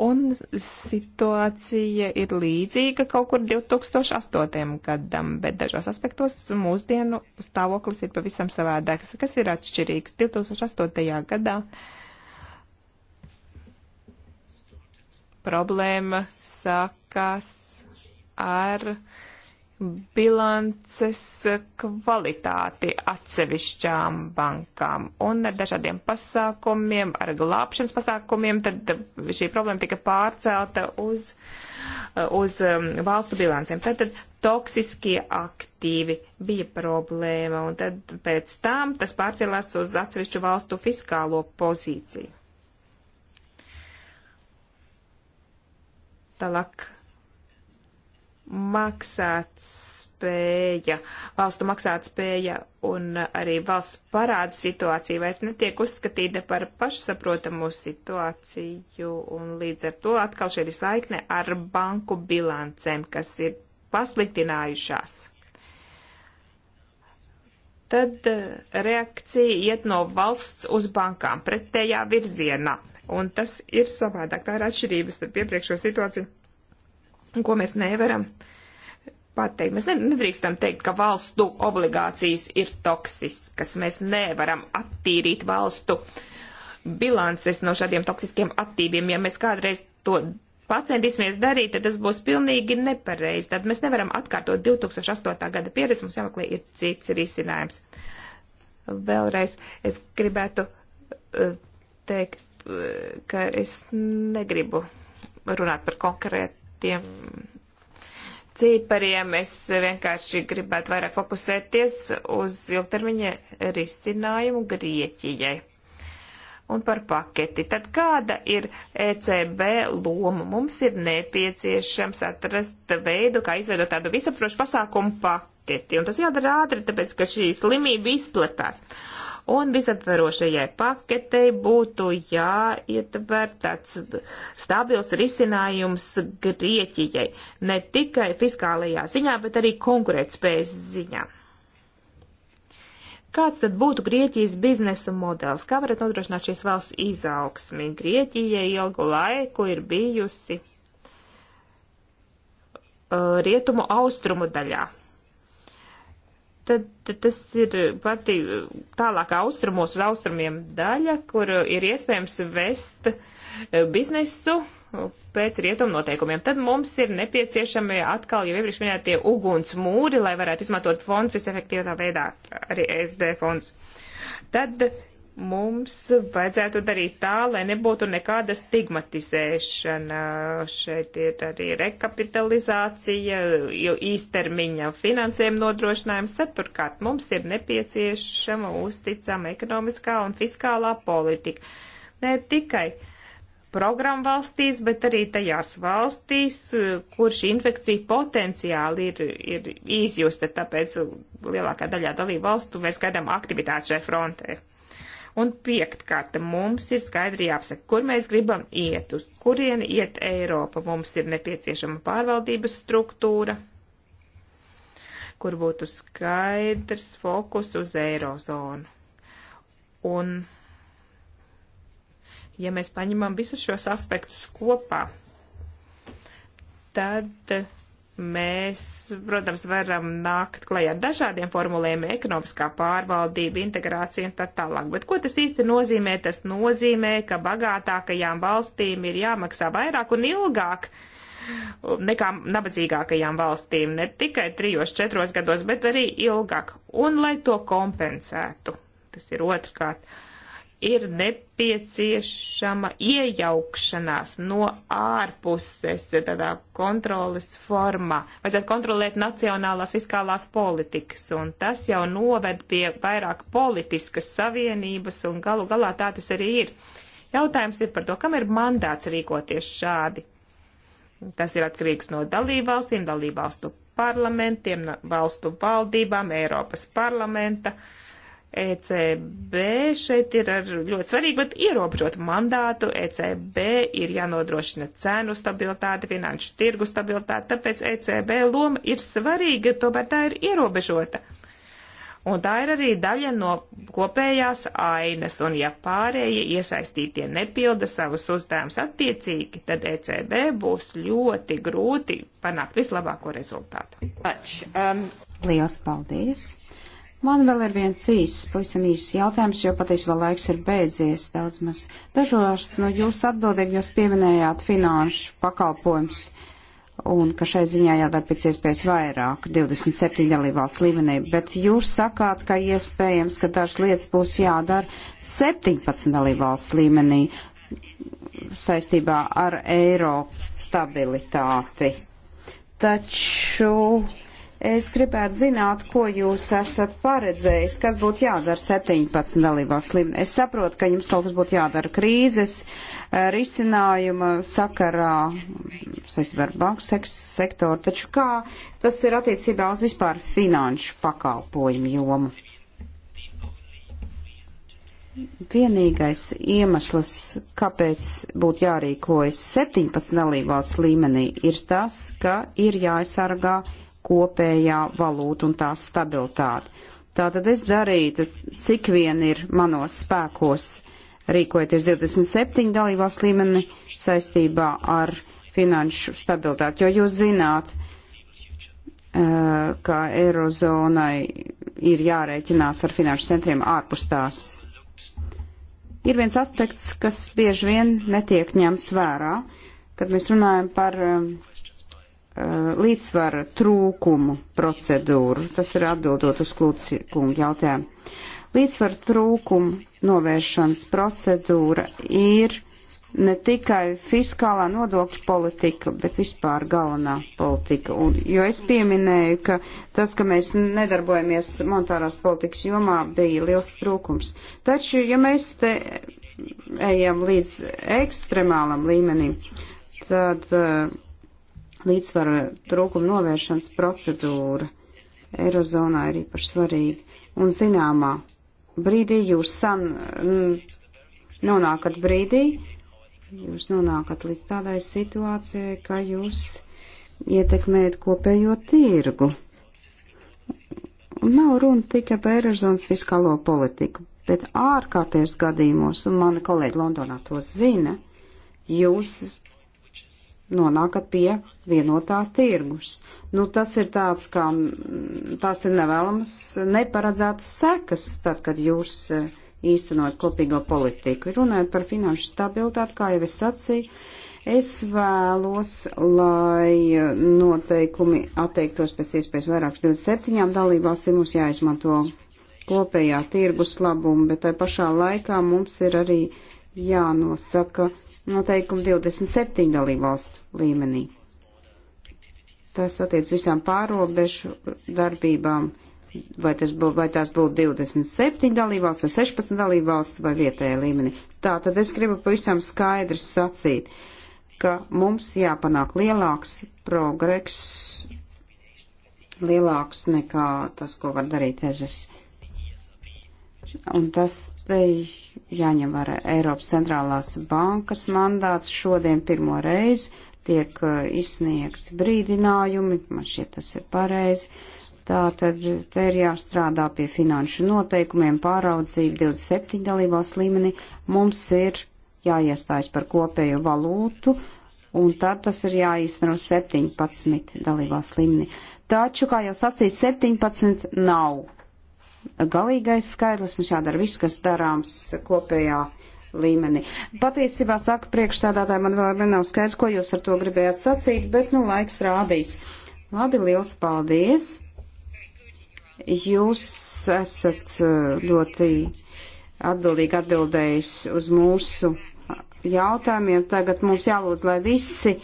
Un situācija ir līdzīga kaut kur 2008. gadam, bet dažos aspektos mūsdienu stāvoklis ir pavisam savādāks. Kas ir atšķirīgs? 2008. gadā problēma sākās ar uh, bilances kvalitāti atsevišķām bankām un ar dažādiem pasākumiem, ar glābšanas pasākumiem, tad šī problēma tika pārcelta uz, uz um, valstu bilancēm. Tātad toksiskie aktīvi bija problēma un tad pēc tam tas pārcēlās uz atsevišķu valstu fiskālo pozīciju. Tālāk maksātspēja, valstu maksātspēja un arī valsts parāda situācija vairs netiek uzskatīta par pašsaprotamu situāciju, un līdz ar to atkal šeit ir saikne ar banku bilancēm, kas ir pasliktinājušās. Tad eh, reakcija iet no valsts uz bankām pretējā virzienā, un tas ir savādāk, tā ir atšķirības starp iepriekšējo situāciju un ko mēs nevaram pateikt. Mēs nedrīkstam teikt, ka valstu obligācijas ir toksiskas. Mēs nevaram attīrīt valstu bilances no šādiem toksiskiem attīviem. Ja mēs kādreiz to pacentīsimies darīt, tad tas būs pilnīgi nepareizi. Tad mēs nevaram atkārtot 2008. gada pieredzi, mums jāmeklē ir cits risinājums. Vēlreiz es gribētu eh, teikt, eh, ka es negribu runāt par konkrētu tiem cipariem. Es vienkārši gribētu vairāk fokusēties uz ilgtermiņa risinājumu Grieķijai. Un par paketi. Tad kāda ir ECB loma? Mums ir nepieciešams atrast veidu, kā izveidot tādu visaprošu pasākumu paketi. Un tas jādara ātri, tāpēc, ka šī slimība izplatās. Uh, Un visatverošajai paketei būtu jāietver tāds stabils risinājums Grieķijai, ne tikai fiskālajā ziņā, bet arī konkurētspējas ziņā. Kāds tad būtu Grieķijas biznesa modelis? Kā varat nodrošināt šīs valsts izaugsmi? Grieķija ilgu laiku ir bijusi uh, rietumu austrumu daļā tad tas ir pati tālākā austrumos uz austrumiem daļa, kur ir iespējams vest eh, biznesu pēc rietumu noteikumiem. Tad mums ir nepieciešami atkal jau iepriekš minētie uguns mūri, lai varētu izmantot fondus visefektīvā veidā, arī e SD fondus. Tad mums vajadzētu darīt tā, lai nebūtu nekāda stigmatizēšana. Šeit ir arī rekapitalizācija, īstermiņa finansējuma nodrošinājums. Ceturkārt, mums ir nepieciešama uzticama ekonomiskā un fiskālā politika. Ne tikai programmu valstīs, bet arī tajās valstīs, kur šī infekcija potenciāli ir, ir izjusta, tāpēc lielākā daļā dalību valstu mēs gaidām aktivitāti šai frontē. Un piektkārt, mums ir skaidri jāapsaka, kur mēs gribam iet, uz kurien iet Eiropa. Mums ir nepieciešama pārvaldības struktūra, kur būtu skaidrs fokus uz Eirozonu. Un, ja mēs paņemam visus šos aspektus kopā, tad Mēs, protams, varam nākt klajā dažādiem formulējumiem - ekonomiskā pārvaldība, integrācija un tā tālāk. Bet ko tas īsti nozīmē? Tas nozīmē, ka bagātākajām valstīm ir jāmaksā vairāk un ilgāk nekā nabadzīgākajām valstīm, ne tikai trijos, četros gados, bet arī ilgāk. Un lai to kompensētu, tas ir otrkārt. Uh, ir nepieciešama iejaukšanās no ārpuses tādā kontroles formā. Vajadzētu kontrolēt nacionālās fiskālās politikas, un tas jau noved pie vairāk politiskas savienības, un galu galā tā tas arī ir. Jautājums ir par to, kam ir mandāts rīkoties šādi. Tas ir atkarīgs no dalībvalstīm, dalībvalstu parlamentiem, valstu valdībām, Eiropas parlamenta. Uh, ECB šeit ir ar ļoti svarīgu, bet ierobežotu mandātu. ECB ir jānodrošina cenu stabilitāti, finanšu tirgu stabilitāti, tāpēc ECB loma ir svarīga, tomēr tā ir ierobežota. Un tā ir arī daļa no kopējās ainas, un ja pārējie iesaistītie nepilda savus uzdevumus attiecīgi, tad ECB būs ļoti grūti panākt vislabāko rezultātu. Pač, um... Liels paldies! Man vēl ir viens īsts, pavisam īsts jautājums, jo patiesībā laiks ir beidzies daudz maz. Dažos no nu, jūs atbildīgi jūs pieminējāt finanšu pakalpojums un ka šai ziņā jādara pēc iespējas vairāk 27 dalībvalsts līmenī, bet jūs sakāt, ka iespējams, ka dažas lietas būs jādara 17 dalībvalsts līmenī saistībā ar eiro stabilitāti. Taču Es gribētu zināt, ko jūs esat paredzējis, kas būtu jādara 17 dalībās slim. Es saprotu, ka jums kaut kas būtu jādara krīzes eh, risinājuma sakarā saistībā ar banku sektoru, taču kā tas ir attiecībā uz vispār finanšu pakalpojumu jomu? Vienīgais iemesls, kāpēc būtu jārīkojas 17 dalībvalsts līmenī, ir tas, ka ir jāaizsargā kopējā valūta un tās stabilitāti. Tātad es darītu, cik vien ir manos spēkos rīkojoties 27 dalībās līmeni saistībā ar finanšu stabilitāti, jo jūs zināt, ka Eirozonai ir jārēķinās ar finanšu centriem ārpus tās. Ir viens aspekts, kas bieži vien netiek ņemts vērā, kad mēs runājam par Uh, līdzsvara trūkumu procedūru. Tas ir atbildot uz klūci kungu jautājumu. Līdzsvara trūkumu novēršanas procedūra ir ne tikai fiskālā nodokļa politika, bet vispār galvenā politika. Un, jo es pieminēju, ka tas, ka mēs nedarbojamies monetārās politikas jomā, bija liels trūkums. Taču, ja mēs te ejam līdz ekstremālam līmenim, tad uh, līdzsvara trūkuma novēršanas procedūra Eirozonā ir īpaši svarīga. Un zināmā brīdī jūs san, nonākat brīdī, jūs nonākat līdz tādai situācijai, ka jūs ietekmējat kopējo tirgu. Un nav runa tikai par Eirozonas fiskālo politiku, bet ārkārtējas gadījumos, un mani kolēģi Londonā to zina, jūs nonākat pie vienotā tirgus. Nu, tas ir tāds, kā tās ir nevēlamas, neparedzētas sekas, tad, kad jūs e, īstenot kopīgo politiku. Runājot par finanšu stabilitāti, kā jau es sacīju, es vēlos, lai noteikumi atteiktos pēc iespējas vairākas 27 dalībvalstīm mums jāizmanto kopējā tirgus labumu, bet tai pašā laikā mums ir arī uh, jānosaka noteikumi 27 dalībvalstu līmenī. Tas attiec visām pārobežu darbībām, vai, tas, bū, vai tās būtu 27 dalībvalsts vai 16 dalībvalsts vai vietējā līmenī. Tā tad es gribu pavisam skaidri sacīt, ka mums jāpanāk lielāks progress, lielāks nekā tas, ko var darīt ezes. Un tas te jāņem vērā Eiropas centrālās bankas mandāts. Šodien pirmo reizi tiek uh, izsniegti brīdinājumi, man šķiet tas ir pareizi. Tā tad te ir jāstrādā pie finanšu noteikumiem, pāraudzību 27 dalībās līmenī. Mums ir jāiestājas par kopējo valūtu, un tad tas ir jāīsteno 17 dalībās līmenī. Taču, kā jau sacīja, 17 nav galīgais skaidrs. Mums jādara viss, kas darāms kopējā līmenī. Patiesībā, saka priekšstādātāji, man vēl nav skaidrs, ko jūs ar to gribējāt sacīt, bet, nu, laiks rādīs. Labi, liels paldies! Jūs esat uh, ļoti atbildīgi atbildējis uz mūsu jautājumiem. Tagad mums jālūdz, lai visi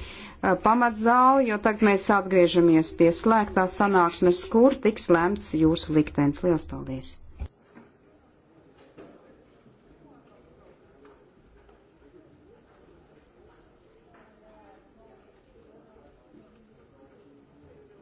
Eh, pamatzāli, jo tagad mēs atgriežamies pie slēgtā sanāksmes, kur tiks lemts jūsu liktenis. Lielas paldies!